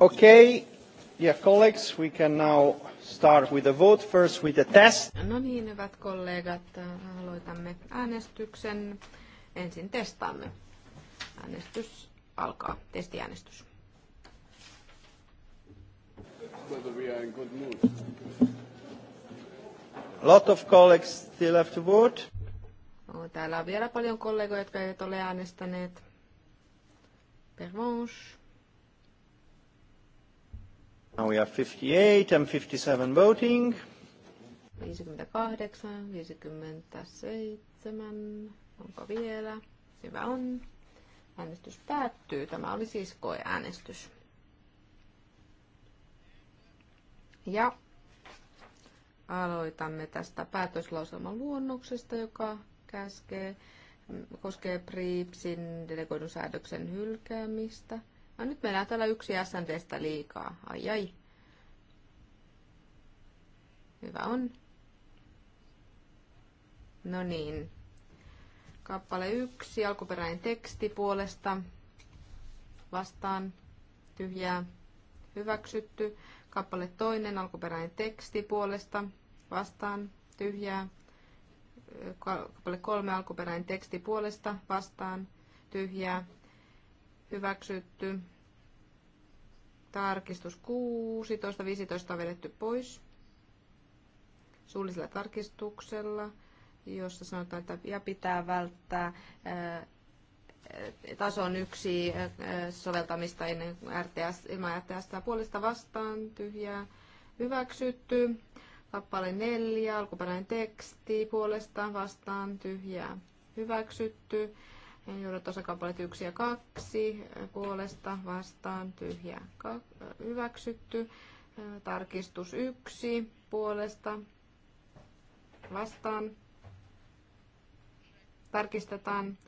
Okay, yeah, colleagues, we can now start with the vote, first with the test. No niin, hyvät kollegat, aloitamme äänestyksen. Ensin testaamme. Äänestys alkaa, testiäänestys. Whether we are in good mood. A lot of colleagues still have to vote. No, täällä on vielä paljon kollegoja, jotka eivät ole äänestäneet. Pervenche. Now we have 58 and 57 voting. 58, 57, onko vielä? Hyvä on. Äänestys päättyy. Tämä oli siis koeäänestys. Ja aloitamme tästä päätöslauselman luonnoksesta, joka käskee, koskee PRIIPSin delegoidun säädöksen hylkäämistä. No nyt meillä täällä yksi SNDstä liikaa. Ai ai. Hyvä on. No niin. Kappale yksi, alkuperäinen teksti puolesta. Vastaan. Tyhjää. Hyväksytty. Kappale toinen, alkuperäinen teksti puolesta. Vastaan. Tyhjää. Kappale kolme, alkuperäinen teksti puolesta. Vastaan. Tyhjää hyväksytty. Tarkistus 16, 15 on vedetty pois suullisella tarkistuksella, jossa sanotaan, että ja pitää välttää äh, tason yksi äh, soveltamista ennen RTS, ilman RTS puolesta vastaan tyhjää hyväksytty. Kappale neljä, alkuperäinen teksti puolesta vastaan tyhjää hyväksytty. Joudut osakaupalet yksi ja kaksi, puolesta vastaan tyhjä hyväksytty. Tarkistus yksi puolesta vastaan. Tarkistetaan.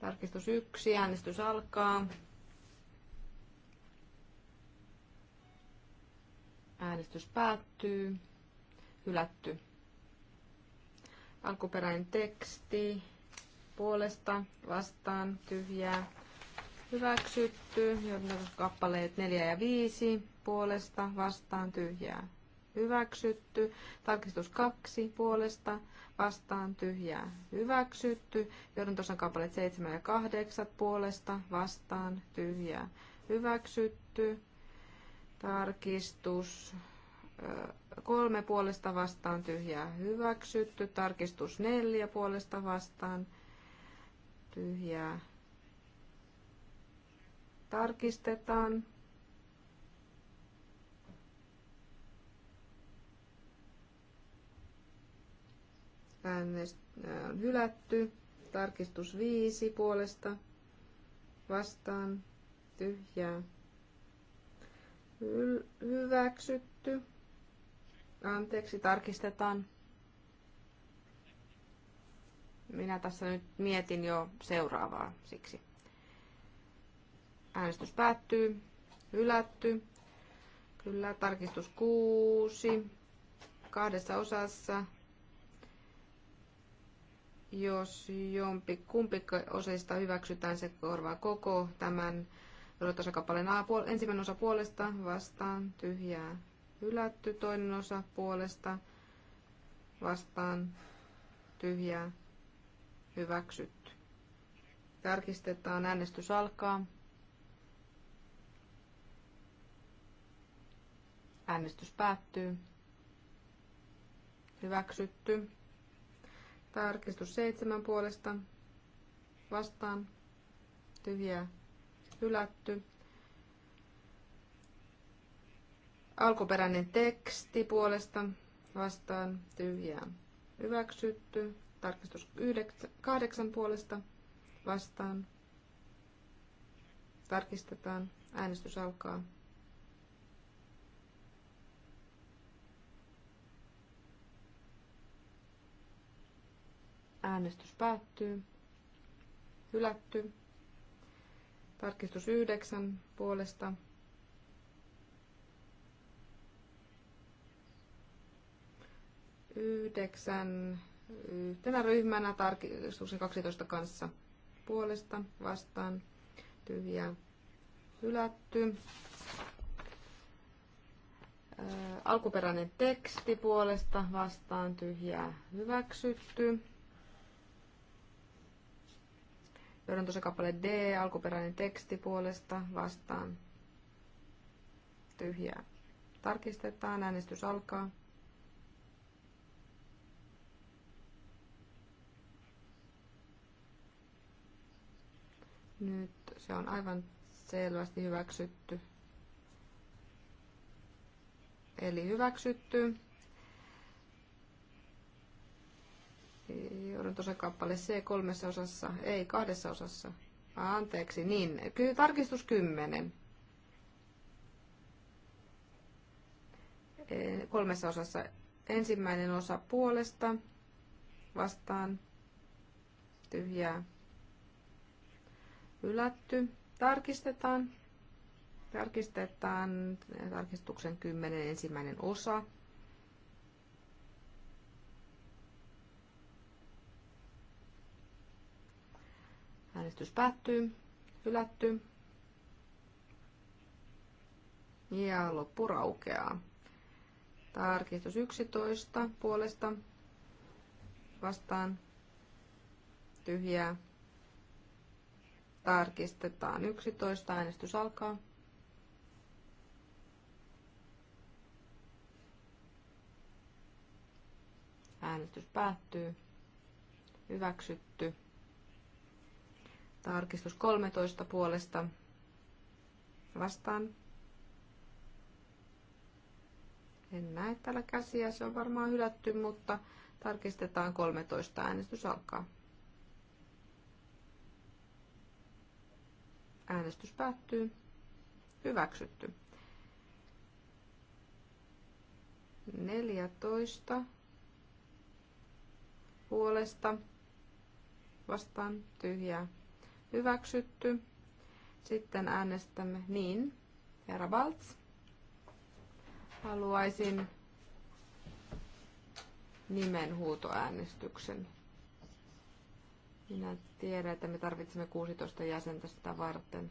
Tarkistus yksi Äänestys alkaa. Äänestys päättyy. Hylätty. Alkuperäinen teksti puolesta vastaan tyhjää hyväksytty. Kappaleet 4 ja 5 puolesta vastaan tyhjää hyväksytty. Tarkistus 2 puolesta vastaan tyhjää hyväksytty. Johdantosan kappaleet 7 ja 8 puolesta vastaan tyhjää hyväksytty. Tarkistus kolme puolesta vastaan tyhjää hyväksytty, tarkistus neljä puolesta vastaan tyhjää tarkistetaan. Äänest on hylätty. Tarkistus viisi puolesta vastaan tyhjää hyväksytty. Anteeksi, tarkistetaan. Minä tässä nyt mietin jo seuraavaa siksi. Äänestys päättyy. Hylätty. Kyllä, tarkistus 6. Kahdessa osassa. Jos jompi kumpi osista hyväksytään, se korvaa koko tämän jolloin ensimmäinen osa puolesta vastaan, tyhjää, hylätty, toinen osa puolesta vastaan, tyhjää, Hyväksytty. Tarkistetaan. Äänestys alkaa. Äänestys päättyy. Hyväksytty. Tarkistus seitsemän puolesta. Vastaan. Tyhjää. Hylätty. Alkuperäinen teksti puolesta. Vastaan. Tyhjää. Hyväksytty. Tarkistus 8 puolesta vastaan. Tarkistetaan. Äänestys alkaa. Äänestys päättyy. Hylätty. Tarkistus 9 puolesta yhdeksän yhtenä ryhmänä tarkistuksen 12 kanssa puolesta vastaan tyhjää hylätty. Alkuperäinen teksti puolesta vastaan tyhjää hyväksytty. Löydän tuossa kappale D, alkuperäinen teksti puolesta vastaan tyhjää. Tarkistetaan, äänestys alkaa. Nyt se on aivan selvästi hyväksytty. Eli hyväksytty. Joudun tuossa kappale C kolmessa osassa, ei kahdessa osassa. Anteeksi, niin, tarkistus 10. E, kolmessa osassa ensimmäinen osa puolesta vastaan tyhjää hylätty. Tarkistetaan. Tarkistetaan tarkistuksen 10 ensimmäinen osa. Äänestys päättyy. Hylätty. Ja loppu raukeaa. Tarkistus 11 puolesta vastaan tyhjää Tarkistetaan 11. Äänestys alkaa. Äänestys päättyy. Hyväksytty. Tarkistus 13 puolesta. Vastaan. En näe täällä käsiä, se on varmaan hylätty, mutta tarkistetaan 13. Äänestys alkaa. Äänestys päättyy. Hyväksytty. 14 puolesta vastaan tyhjää hyväksytty. Sitten äänestämme niin. Herra Baltz, haluaisin nimenhuutoäänestyksen minä tiedän, että me tarvitsemme 16 jäsentä sitä varten,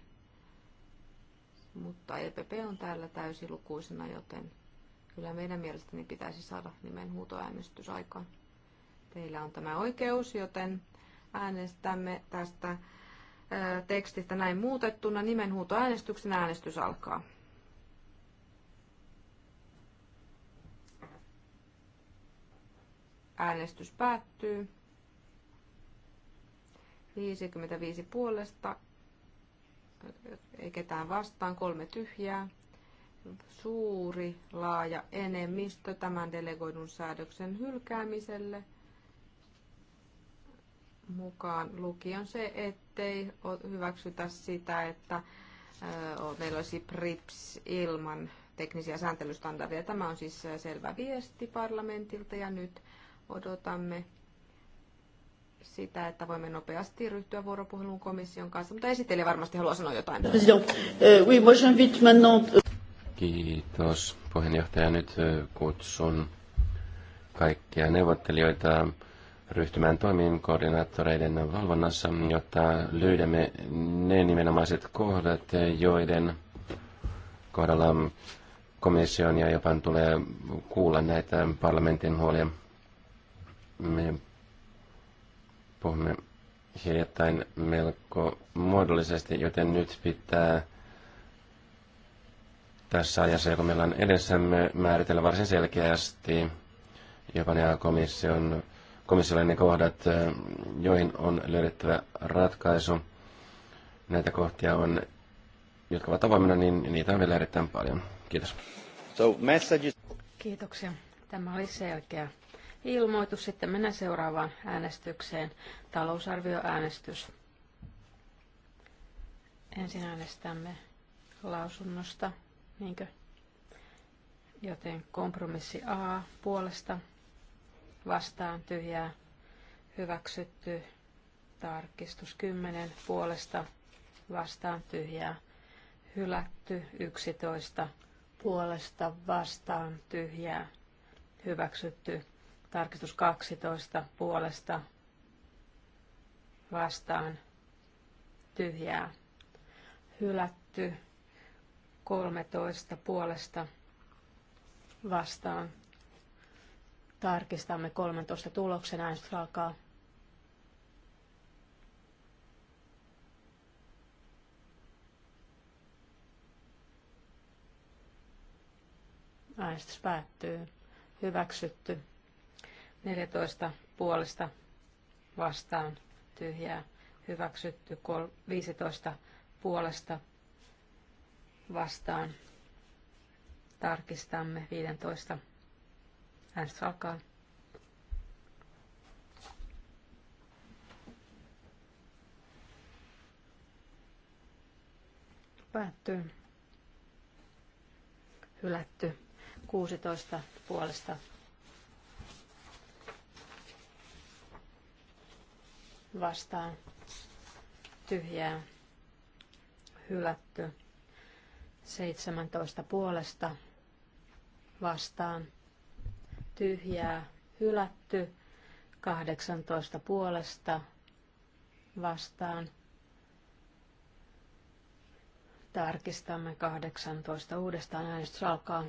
mutta EPP on täällä täysilukuisena, joten kyllä meidän mielestäni pitäisi saada nimenhuutoäänestys aikaan. Teillä on tämä oikeus, joten äänestämme tästä tekstistä näin muutettuna. huutoäänestyksen äänestys alkaa. Äänestys päättyy. 55 puolesta, ei ketään vastaan, kolme tyhjää. Suuri, laaja enemmistö tämän delegoidun säädöksen hylkäämiselle mukaan lukion se, ettei hyväksytä sitä, että meillä olisi PRIPS ilman teknisiä sääntelystandardeja. Tämä on siis selvä viesti parlamentilta ja nyt odotamme sitä, että voimme nopeasti ryhtyä vuoropuheluun komission kanssa, mutta esittelijä varmasti haluaa sanoa jotain. Euh, Kiitos puheenjohtaja. Nyt euh, kutsun kaikkia neuvottelijoita ryhtymään toimiin koordinaattoreiden valvonnassa, jotta löydämme ne nimenomaiset kohdat, joiden kohdalla komission ja jopa tulee kuulla näitä parlamentin huolia. Me puhumme hiljattain melko muodollisesti, joten nyt pitää tässä ajassa, joka meillä on edessämme, määritellä varsin selkeästi jopa ne komission, komissiolle ne kohdat, joihin on löydettävä ratkaisu. Näitä kohtia on, jotka ovat avoimena, niin niitä on vielä erittäin paljon. Kiitos. So messages. Kiitoksia. Tämä oli selkeä ilmoitus. Sitten mennään seuraavaan äänestykseen. Talousarvioäänestys. Ensin äänestämme lausunnosta, niinkö? Joten kompromissi A puolesta vastaan tyhjää hyväksytty tarkistus 10 puolesta vastaan tyhjää hylätty 11 puolesta vastaan tyhjää hyväksytty Tarkistus 12 puolesta vastaan tyhjää. Hylätty 13 puolesta vastaan. Tarkistamme 13 tuloksen äänestys alkaa. Äänestys päättyy. Hyväksytty. 14 puolesta vastaan tyhjää hyväksytty 15 puolesta vastaan. Tarkistamme 15. Äänestys alkaa. Päättyy. Hylätty. 16 puolesta vastaan tyhjää hylätty. 17 puolesta vastaan tyhjää hylätty. 18 puolesta vastaan. Tarkistamme 18 uudestaan äänestys alkaa.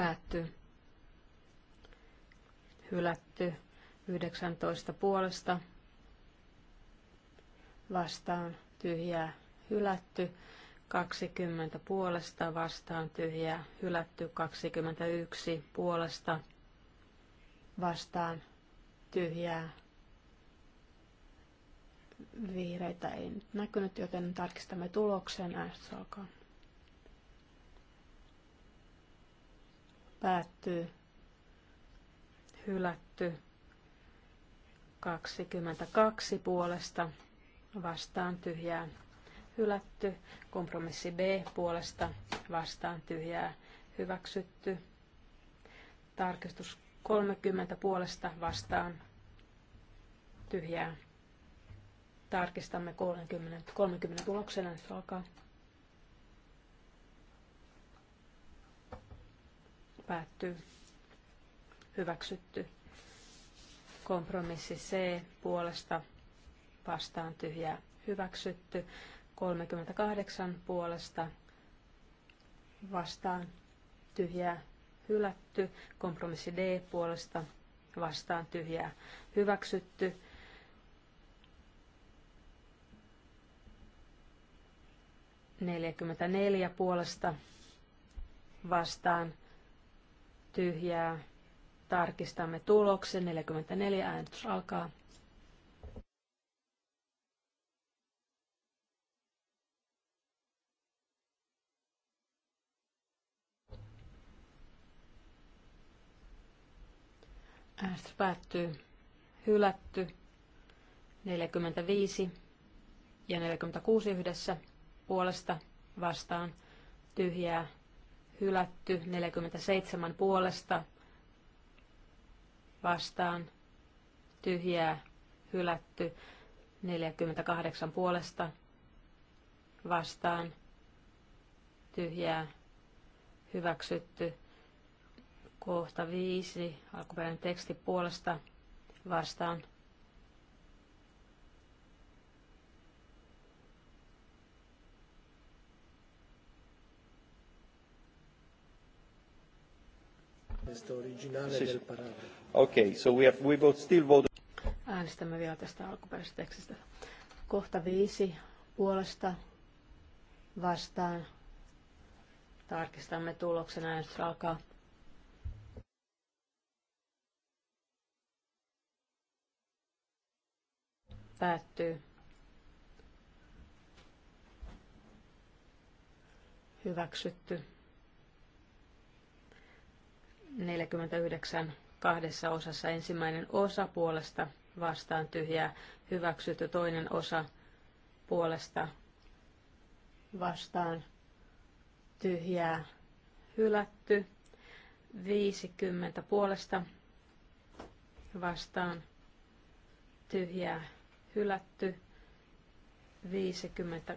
päättyy. Hylätty 19 puolesta vastaan tyhjää hylätty. 20 puolesta vastaan tyhjää hylätty. 21 puolesta vastaan tyhjää vihreitä ei nyt näkynyt, joten tarkistamme tuloksen. Äänestys alkaa. päättyy, hylätty, 22 puolesta, vastaan tyhjää, hylätty, kompromissi B puolesta, vastaan tyhjää, hyväksytty, tarkistus 30 puolesta, vastaan tyhjää. Tarkistamme 30, 30 alkaa. Päättyy. Hyväksytty. Kompromissi C puolesta vastaan tyhjää. Hyväksytty. 38 puolesta vastaan tyhjää. Hylätty. Kompromissi D puolesta vastaan tyhjää. Hyväksytty. Neljäkymmentäneljä puolesta vastaan tyhjää. Tarkistamme tuloksen. 44 äänestys alkaa. Äänestys päättyy. Hylätty. 45 ja 46 yhdessä puolesta vastaan tyhjää hylätty 47 puolesta vastaan tyhjää hylätty 48 puolesta vastaan tyhjää hyväksytty kohta 5 alkuperäinen teksti puolesta vastaan Okay, so we, have, we both still vote. Äänestämme vielä tästä alkuperäisestä tekstistä. Kohta viisi puolesta vastaan. Tarkistamme tuloksen äänestys alkaa. Päättyy. Hyväksytty. 49 kahdessa osassa. Ensimmäinen osa puolesta vastaan tyhjää hyväksytty, toinen osa puolesta vastaan tyhjää hylätty, 50 puolesta vastaan tyhjää hylätty, 53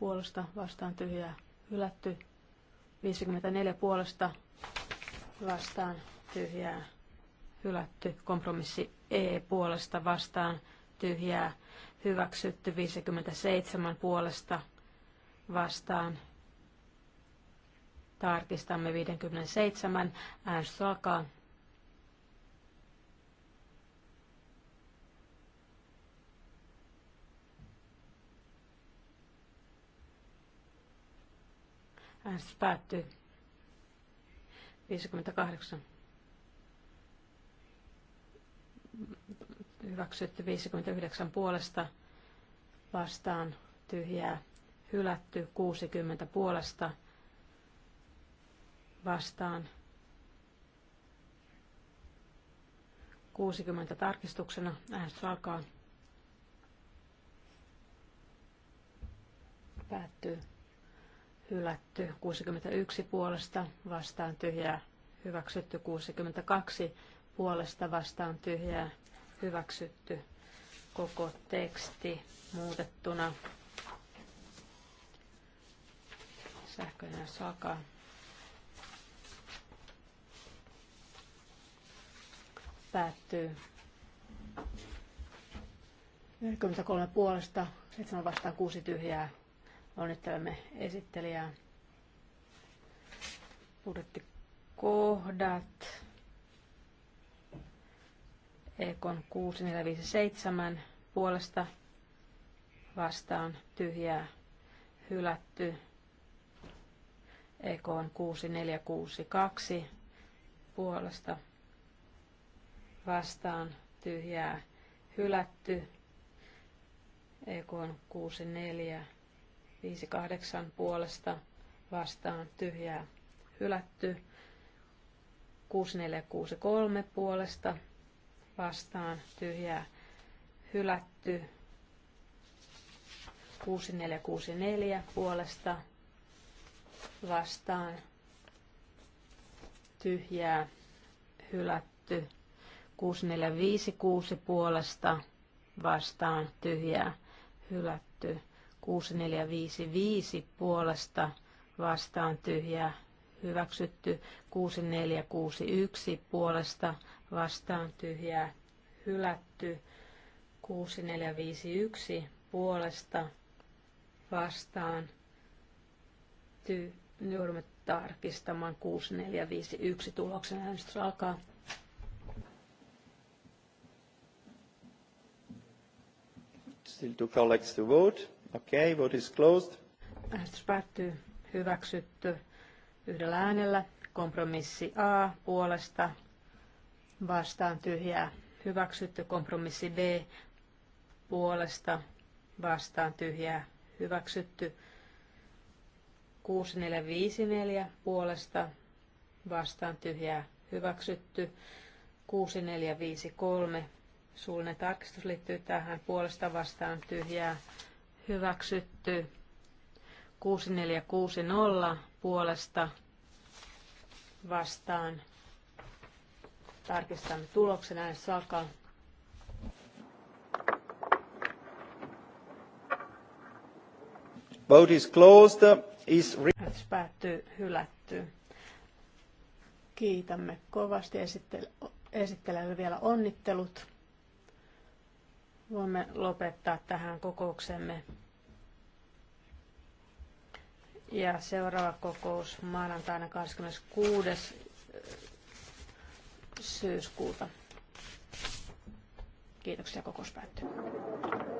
puolesta vastaan tyhjää hylätty, 54 puolesta vastaan tyhjää hylätty. Kompromissi E puolesta vastaan tyhjää hyväksytty. 57 puolesta vastaan tarkistamme 57. Äänestys alkaa. Äänestys päättyy. 58. Hyväksytty 59 puolesta vastaan tyhjää. Hylätty 60 puolesta vastaan 60 tarkistuksena. Äänestys alkaa. Päättyy hylätty 61 puolesta vastaan tyhjää, hyväksytty 62 puolesta vastaan tyhjää, hyväksytty koko teksti muutettuna. Sähköinen saka. Päättyy. 43 puolesta, 7 vastaan 6 tyhjää, Onnittelemme esittelijää. Budjettikohdat. Ekon 6457 puolesta vastaan tyhjää hylätty. Ekon 6462 puolesta vastaan tyhjää hylätty. Ekon 64 58 puolesta vastaan tyhjää hylätty. 6463 puolesta vastaan tyhjää hylätty. 6464 puolesta vastaan tyhjää hylätty. 6456 puolesta vastaan tyhjää hylätty. 6455 puolesta vastaan tyhjää hyväksytty 6461 puolesta vastaan tyhjää hylätty 6451 puolesta vastaan ty, joudumme tarkistamaan 6451 tuloksen äänestys alkaa. Still two colleagues to vote. Okei, okay, vote is closed. Äänestys päättyy. Hyväksytty yhdellä äänellä. Kompromissi A puolesta vastaan tyhjää. Hyväksytty kompromissi B puolesta vastaan tyhjää. Hyväksytty 6454 puolesta vastaan tyhjää. Hyväksytty 6453 suullinen tarkistus liittyy tähän puolesta vastaan tyhjää hyväksytty 6460 puolesta vastaan. Tarkistamme tuloksen äänestys alkaa. Vote is closed. Is Äänestys päättyy hylätty. Kiitämme kovasti esittelemme vielä onnittelut. Voimme lopettaa tähän kokouksemme. Ja seuraava kokous maanantaina 26. Eh, syyskuuta. Kiitoksia, kokous päättyy.